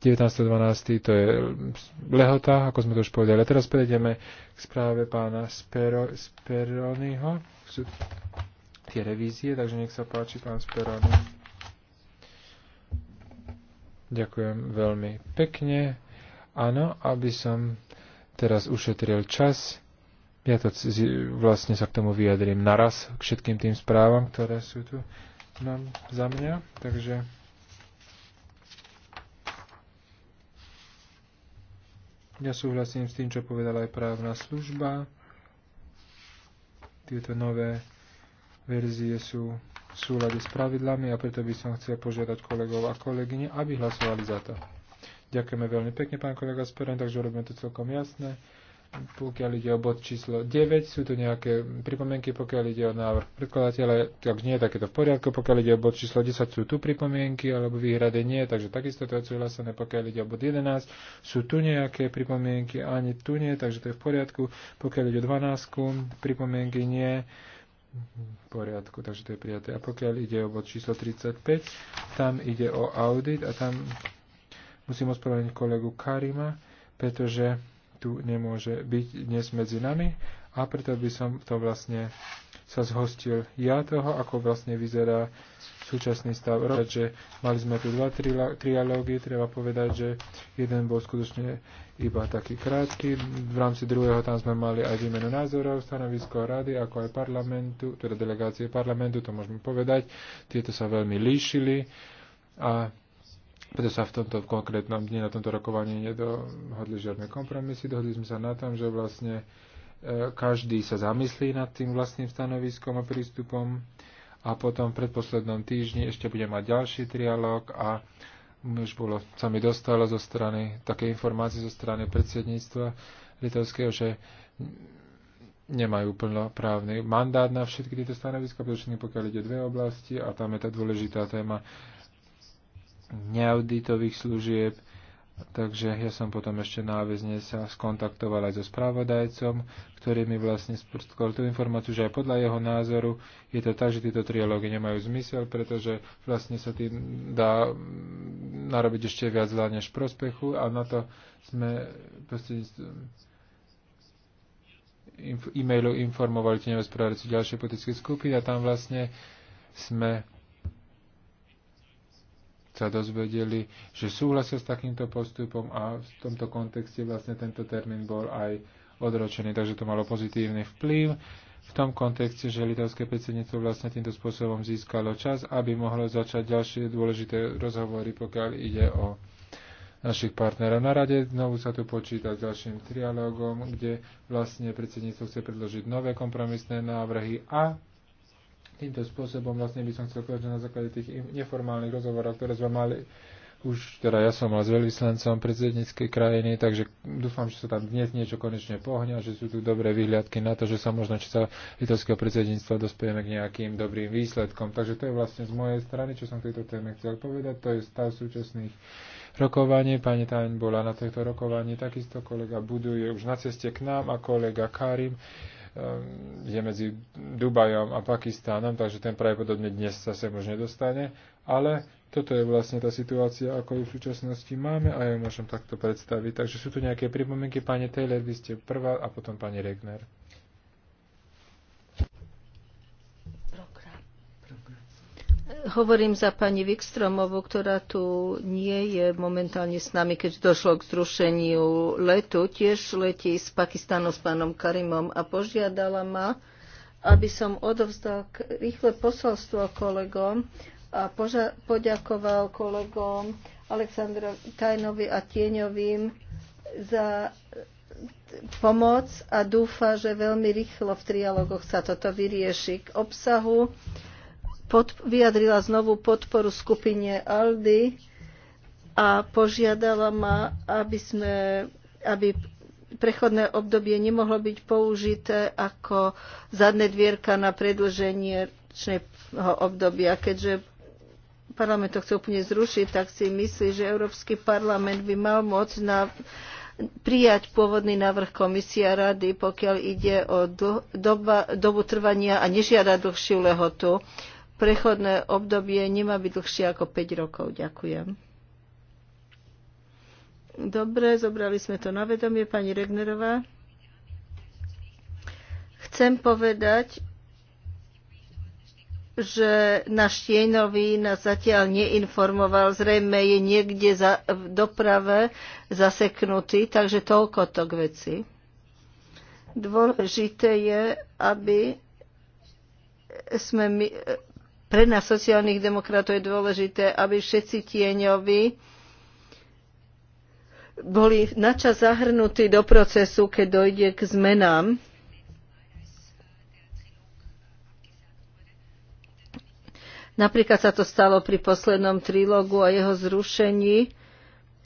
19.12. to je lehota, ako sme to už povedali. A teraz prejdeme k správe pána Spero, Speroniho. Sú tie revízie, takže nech sa páči, pán Speroni. Ďakujem veľmi pekne. Áno, aby som teraz ušetril čas, ja to vlastne sa k tomu vyjadrím naraz, k všetkým tým správam, ktoré sú tu mám za mňa, takže Ja súhlasím s tým, čo povedala aj právna služba. Tieto nové verzie sú v súlade s pravidlami a preto by som chcel požiadať kolegov a kolegyne, aby hlasovali za to. Ďakujeme veľmi pekne, pán kolega Speren, takže robíme to celkom jasné pokiaľ ide o bod číslo 9, sú tu nejaké pripomienky, pokiaľ ide o návrh predkladateľa, tak nie, tak je to v poriadku, pokiaľ ide o bod číslo 10, sú tu pripomienky alebo výhrady nie, takže takisto to je odsúhlasené, pokiaľ ide o bod 11, sú tu nejaké pripomienky, ani tu nie, takže to je v poriadku, pokiaľ ide o 12, pripomienky nie, v poriadku, takže to je prijaté. A pokiaľ ide o bod číslo 35, tam ide o audit a tam musím ospravedlniť kolegu Karima, pretože tu nemôže byť dnes medzi nami a preto by som to vlastne sa zhostil ja toho, ako vlastne vyzerá súčasný stav. Že mali sme tu dva trialógy, treba povedať, že jeden bol skutočne iba taký krátky. V rámci druhého tam sme mali aj výmenu názorov, stanovisko rady, ako aj parlamentu, teda delegácie parlamentu, to môžeme povedať. Tieto sa veľmi líšili a preto sa v tomto konkrétnom dni, na tomto rokovaní nedohodli žiadne kompromisy. Dohodli sme sa na tom, že vlastne e, každý sa zamyslí nad tým vlastným stanoviskom a prístupom a potom v predposlednom týždni ešte bude mať ďalší trialog a už bolo, sa mi dostalo zo strany, také informácie zo strany predsedníctva litovského, že nemajú plnoprávny mandát na všetky tieto stanoviska, pretože pokiaľ ide dve oblasti a tam je tá dôležitá téma neauditových služieb, takže ja som potom ešte náväzne sa skontaktoval aj so správodajcom, ktorý mi vlastne sprostkol tú informáciu, že aj podľa jeho názoru je to tak, že tieto trialógy nemajú zmysel, pretože vlastne sa tým dá narobiť ešte viac zlá než prospechu a na to sme prostredníctvom e-mailu informovali tie nevesprávajúce ďalšie politické skupiny a tam vlastne sme sa dozvedeli, že súhlasia s takýmto postupom a v tomto kontexte vlastne tento termín bol aj odročený, takže to malo pozitívny vplyv v tom kontexte, že litovské predsedníctvo vlastne týmto spôsobom získalo čas, aby mohlo začať ďalšie dôležité rozhovory, pokiaľ ide o našich partnerov. Na rade znovu sa tu počíta s ďalším trialógom, kde vlastne predsedníctvo chce predložiť nové kompromisné návrhy a týmto spôsobom vlastne by som chcel povedať, že na základe tých neformálnych rozhovorov, ktoré sme mali, už teda ja som mal s veľvyslancom predsedníckej krajiny, takže dúfam, že sa tam dnes niečo konečne pohňa, že sú tu dobré vyhliadky na to, že sa možno sa litovského predsedníctva dospieme k nejakým dobrým výsledkom. Takže to je vlastne z mojej strany, čo som k tejto téme chcel povedať, to je stav súčasných rokovaní. Pani Tajn bola na tejto rokovaní, takisto kolega Budu je už na ceste k nám a kolega Karim. Ehm, je medzi Dubajom a Pakistánom, takže ten pravdepodobne dnes sa sem už nedostane, ale toto je vlastne tá situácia, ako ju v súčasnosti máme a ja ju môžem takto predstaviť. Takže sú tu nejaké pripomienky, pani Taylor, vy ste prvá a potom pani Regner. Hovorím za pani Wikstromovú, ktorá tu nie je momentálne s nami, keď došlo k zrušeniu letu. Tiež letí z Pakistanu s pánom Karimom a požiadala ma, aby som odovzdal rýchle posolstvo kolegom a poža- poďakoval kolegom Aleksandrovi Tajnovi a Tieňovým za pomoc a dúfa, že veľmi rýchlo v trialogoch sa toto vyrieši k obsahu pod, vyjadrila znovu podporu skupine Aldy a požiadala ma, aby, sme, aby prechodné obdobie nemohlo byť použité ako zadné dvierka na predlženie ročného obdobia, keďže parlament to chce úplne zrušiť, tak si myslí, že Európsky parlament by mal môcť na prijať pôvodný návrh Komisia a rady, pokiaľ ide o doba, dobu trvania a nežiada dlhšiu lehotu prechodné obdobie nemá byť dlhšie ako 5 rokov. Ďakujem. Dobre, zobrali sme to na vedomie, pani Regnerová. Chcem povedať, že náš Tienový nás zatiaľ neinformoval, zrejme je niekde za, v doprave zaseknutý, takže toľko to k veci. Dôležité je, aby sme my, pre nás sociálnych demokratov je dôležité, aby všetci tieňovi boli načas zahrnutí do procesu, keď dojde k zmenám. Napríklad sa to stalo pri poslednom trílogu a jeho zrušení.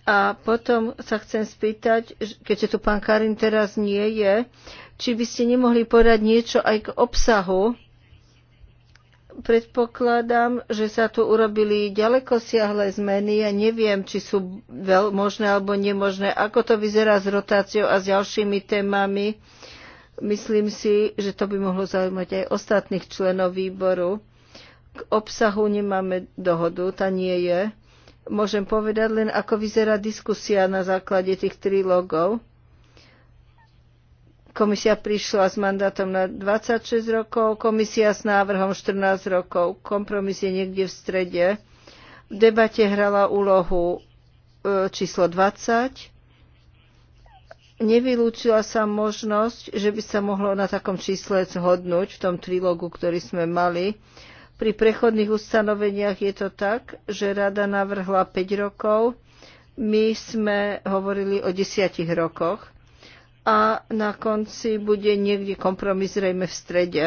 A potom sa chcem spýtať, keďže tu pán Karin teraz nie je, či by ste nemohli povedať niečo aj k obsahu predpokladám, že sa tu urobili ďaleko siahle zmeny a ja neviem, či sú veľ, možné alebo nemožné. Ako to vyzerá s rotáciou a s ďalšími témami? Myslím si, že to by mohlo zaujímať aj ostatných členov výboru. K obsahu nemáme dohodu, tá nie je. Môžem povedať len, ako vyzerá diskusia na základe tých trilogov. logov Komisia prišla s mandátom na 26 rokov, komisia s návrhom 14 rokov. Kompromis je niekde v strede. V debate hrala úlohu e, číslo 20. Nevylúčila sa možnosť, že by sa mohlo na takom čísle zhodnúť v tom trilógu, ktorý sme mali. Pri prechodných ustanoveniach je to tak, že rada navrhla 5 rokov, my sme hovorili o 10 rokoch a na konci bude niekde kompromis zrejme v strede.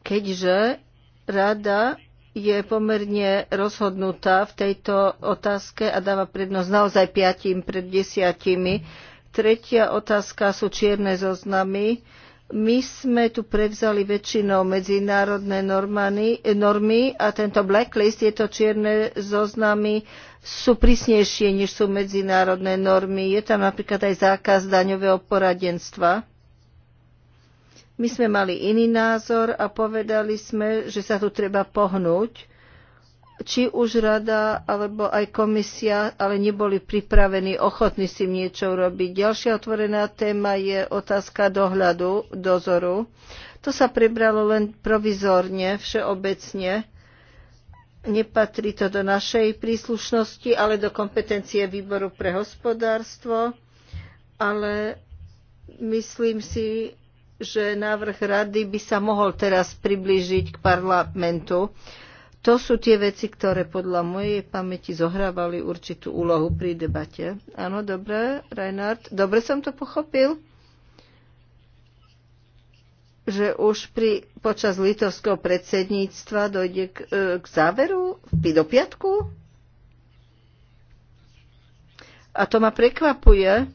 Keďže rada je pomerne rozhodnutá v tejto otázke a dáva prednosť naozaj piatim pred desiatimi. Tretia otázka sú čierne zoznamy my sme tu prevzali väčšinou medzinárodné normány, eh, normy a tento blacklist, tieto čierne zoznamy sú prísnejšie, než sú medzinárodné normy. Je tam napríklad aj zákaz daňového poradenstva. My sme mali iný názor a povedali sme, že sa tu treba pohnúť či už rada alebo aj komisia, ale neboli pripravení, ochotní si niečo urobiť. Ďalšia otvorená téma je otázka dohľadu, dozoru. To sa prebralo len provizorne, všeobecne. Nepatrí to do našej príslušnosti, ale do kompetencie výboru pre hospodárstvo. Ale myslím si, že návrh rady by sa mohol teraz priblížiť k parlamentu to sú tie veci, ktoré podľa mojej pamäti zohrávali určitú úlohu pri debate. Áno, dobre, Reinhard, dobre som to pochopil že už pri, počas litovského predsedníctva dojde k, e, k záveru do piatku? A to ma prekvapuje,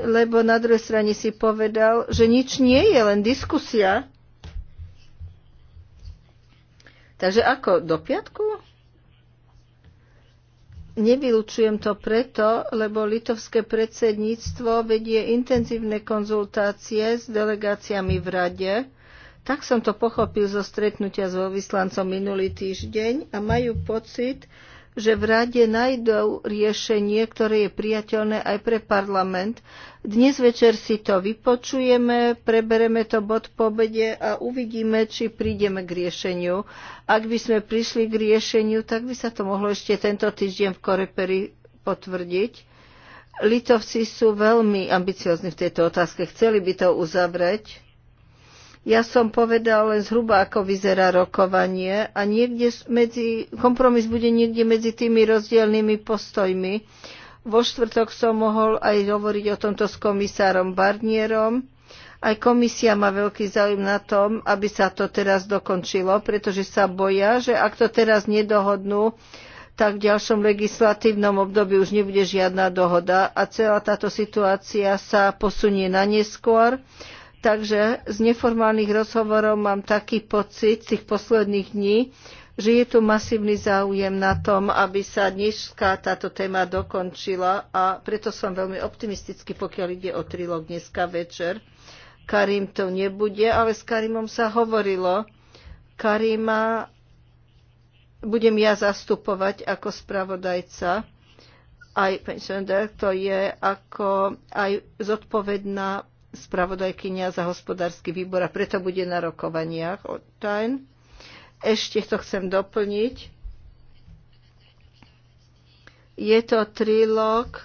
lebo na druhej strane si povedal, že nič nie je, len diskusia. Takže ako, do piatku? Nevylučujem to preto, lebo litovské predsedníctvo vedie intenzívne konzultácie s delegáciami v rade. Tak som to pochopil zo stretnutia s vyslancom minulý týždeň a majú pocit, že v rade nájdú riešenie, ktoré je priateľné aj pre parlament. Dnes večer si to vypočujeme, prebereme to bod po obede a uvidíme, či prídeme k riešeniu. Ak by sme prišli k riešeniu, tak by sa to mohlo ešte tento týždeň v Koreperi potvrdiť. Litovci sú veľmi ambiciozni v tejto otázke. Chceli by to uzavrieť ja som povedal len zhruba, ako vyzerá rokovanie a niekde medzi, kompromis bude niekde medzi tými rozdielnymi postojmi. Vo štvrtok som mohol aj hovoriť o tomto s komisárom Barnierom. Aj komisia má veľký záujem na tom, aby sa to teraz dokončilo, pretože sa boja, že ak to teraz nedohodnú, tak v ďalšom legislatívnom období už nebude žiadna dohoda a celá táto situácia sa posunie na neskôr Takže z neformálnych rozhovorov mám taký pocit tých posledných dní, že je tu masívny záujem na tom, aby sa dneska táto téma dokončila a preto som veľmi optimistický, pokiaľ ide o trilog dneska večer. Karim to nebude, ale s Karimom sa hovorilo. Karima budem ja zastupovať ako spravodajca aj pensioner, to je ako aj zodpovedná spravodajkynia za hospodársky výbor a preto bude na rokovaniach o tajn. Ešte to chcem doplniť. Je to trilog,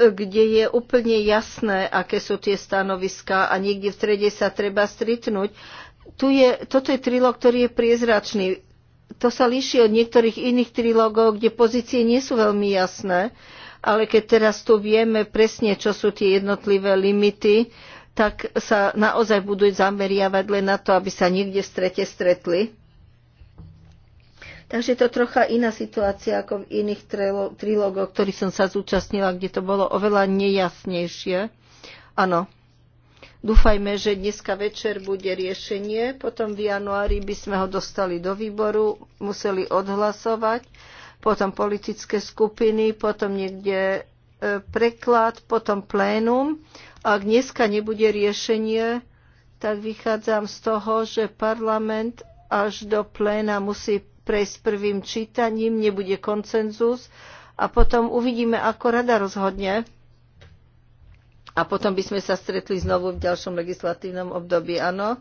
kde je úplne jasné, aké sú tie stanoviská a niekde v strede sa treba stritnúť. Tu je, toto je trilog, ktorý je priezračný. To sa líši od niektorých iných trilogov, kde pozície nie sú veľmi jasné. Uh, ale keď teraz tu vieme presne, čo sú tie jednotlivé limity, tak sa naozaj budú zameriavať len na to, aby sa niekde v strete stretli. Takže to trocha iná situácia ako v iných trilógoch, ktorý som sa zúčastnila, kde to bolo oveľa nejasnejšie. Áno. Dúfajme, že dneska večer bude riešenie, potom v januári by sme ho dostali do výboru, museli odhlasovať potom politické skupiny, potom niekde e, preklad, potom plénum. Ak dneska nebude riešenie, tak vychádzam z toho, že parlament až do pléna musí prejsť prvým čítaním, nebude koncenzus a potom uvidíme, ako rada rozhodne. A potom by sme sa stretli znovu v ďalšom legislatívnom období, áno?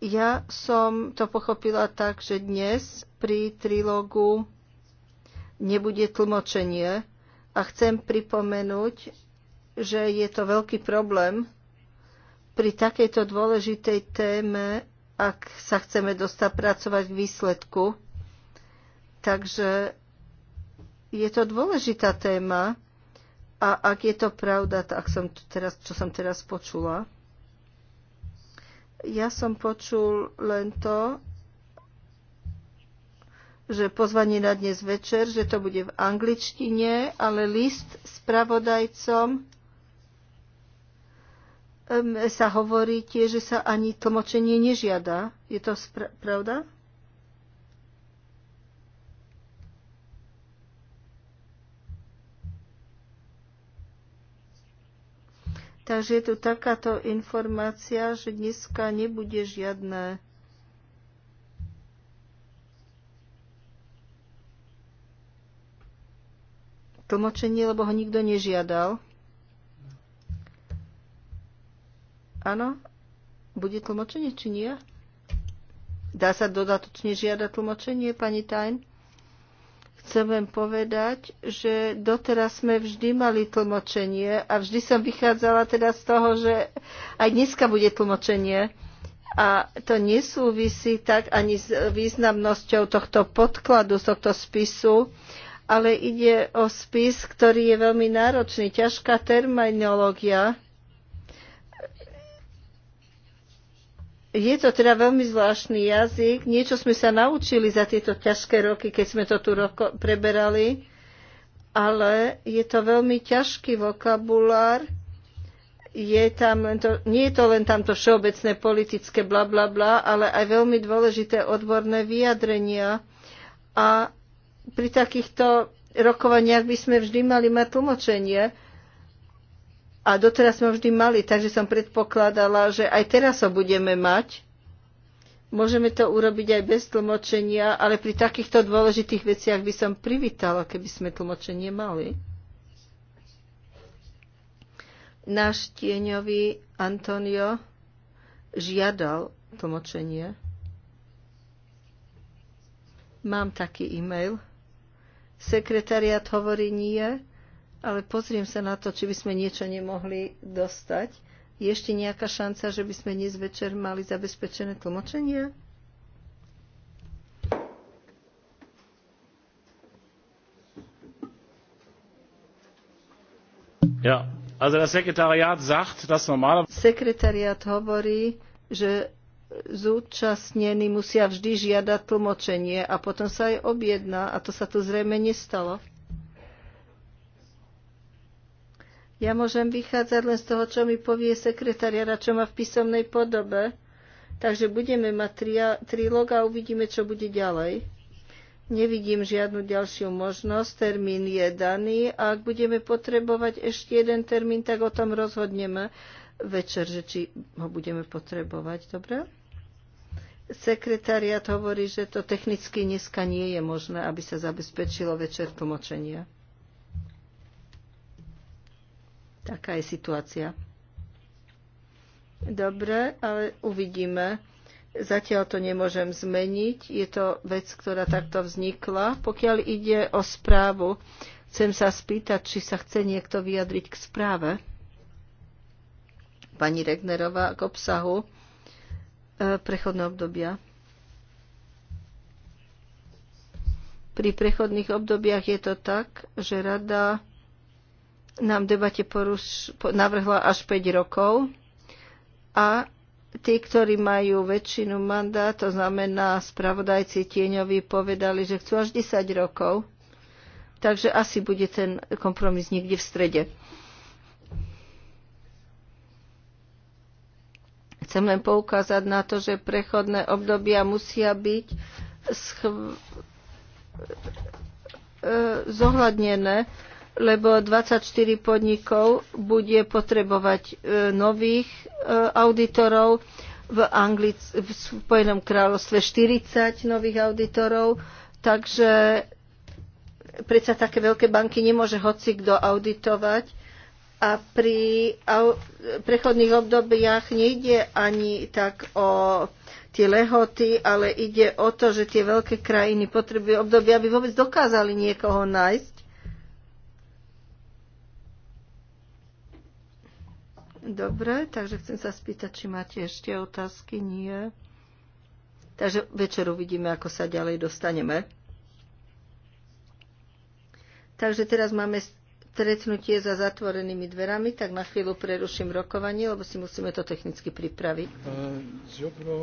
Ja som to pochopila tak, že dnes pri trilógu nebude tlmočenie a chcem pripomenúť, že je to veľký problém pri takejto dôležitej téme, ak sa chceme dostať pracovať k výsledku. Takže je to dôležitá téma a ak je to pravda, tak som teraz, čo som teraz počula, ja som počul len to, že pozvanie na dnes večer, že to bude v angličtine, ale list s pravodajcom sa hovorí tiež, že sa ani tlmočenie nežiada. Je to pravda? Takže je tu takáto informácia, že dneska nebude žiadne tlmočenie, lebo ho nikto nežiadal. Áno? Bude tlmočenie, či nie? Dá sa dodatočne žiadať tlmočenie, pani Tajn? chcem len povedať, že doteraz sme vždy mali tlmočenie a vždy som vychádzala teda z toho, že aj dneska bude tlmočenie. A to nesúvisí tak ani s významnosťou tohto podkladu, tohto spisu, ale ide o spis, ktorý je veľmi náročný, ťažká terminológia Je to teda veľmi zvláštny jazyk. Niečo sme sa naučili za tieto ťažké roky, keď sme to tu roko preberali, ale je to veľmi ťažký vokabulár. Je tam len to, nie je to len tamto všeobecné politické bla bla bla, ale aj veľmi dôležité odborné vyjadrenia. A pri takýchto rokovaniach by sme vždy mali mať tlmočenie, a doteraz sme vždy mali, takže som predpokladala, že aj teraz ho budeme mať. Môžeme to urobiť aj bez tlmočenia, ale pri takýchto dôležitých veciach by som privítala, keby sme tlmočenie mali. Náš tieňový Antonio žiadal tlmočenie. Mám taký e-mail. Sekretariat hovorí nie, ale pozriem sa na to, či by sme niečo nemohli dostať. Je ešte nejaká šanca, že by sme dnes večer mali zabezpečené tlmočenie? Ja, also das Sekretariat sagt, dass normaler... Sekretariat hovorí, že zúčastnení musia vždy žiadať tlmočenie a potom sa aj objedná a to sa tu zrejme nestalo. Ja môžem vychádzať len z toho, čo mi povie sekretariara, čo má v písomnej podobe. Takže budeme mať trilog a uvidíme, čo bude ďalej. Nevidím žiadnu ďalšiu možnosť. Termín je daný. A ak budeme potrebovať ešte jeden termín, tak o tom rozhodneme večer, že či ho budeme potrebovať. Dobre? Sekretariat hovorí, že to technicky dneska nie je možné, aby sa zabezpečilo večer tlmočenia. Taká je situácia. Dobre, ale uvidíme. Zatiaľ to nemôžem zmeniť. Je to vec, ktorá takto vznikla. Pokiaľ ide o správu, chcem sa spýtať, či sa chce niekto vyjadriť k správe. Pani Regnerová, k obsahu e, prechodného obdobia. Pri prechodných obdobiach je to tak, že rada nám debate poruš, navrhla až 5 rokov a tí, ktorí majú väčšinu mandát, to znamená spravodajci tieňovi, povedali, že chcú až 10 rokov. Takže asi bude ten kompromis niekde v strede. Chcem len poukázať na to, že prechodné obdobia musia byť schv- e, zohľadnené lebo 24 podnikov bude potrebovať e, nových e, auditorov, v, Anglic- v Spojenom kráľovstve 40 nových auditorov, takže predsa také veľké banky nemôže hoci kto auditovať. A pri au- prechodných obdobiach nejde ani tak o tie lehoty, ale ide o to, že tie veľké krajiny potrebujú obdobia, aby vôbec dokázali niekoho nájsť. Dobre, takže chcem sa spýtať, či máte ešte otázky. Nie. Takže večer uvidíme, ako sa ďalej dostaneme. Takže teraz máme stretnutie za zatvorenými dverami, tak na chvíľu preruším rokovanie, lebo si musíme to technicky pripraviť. Uh,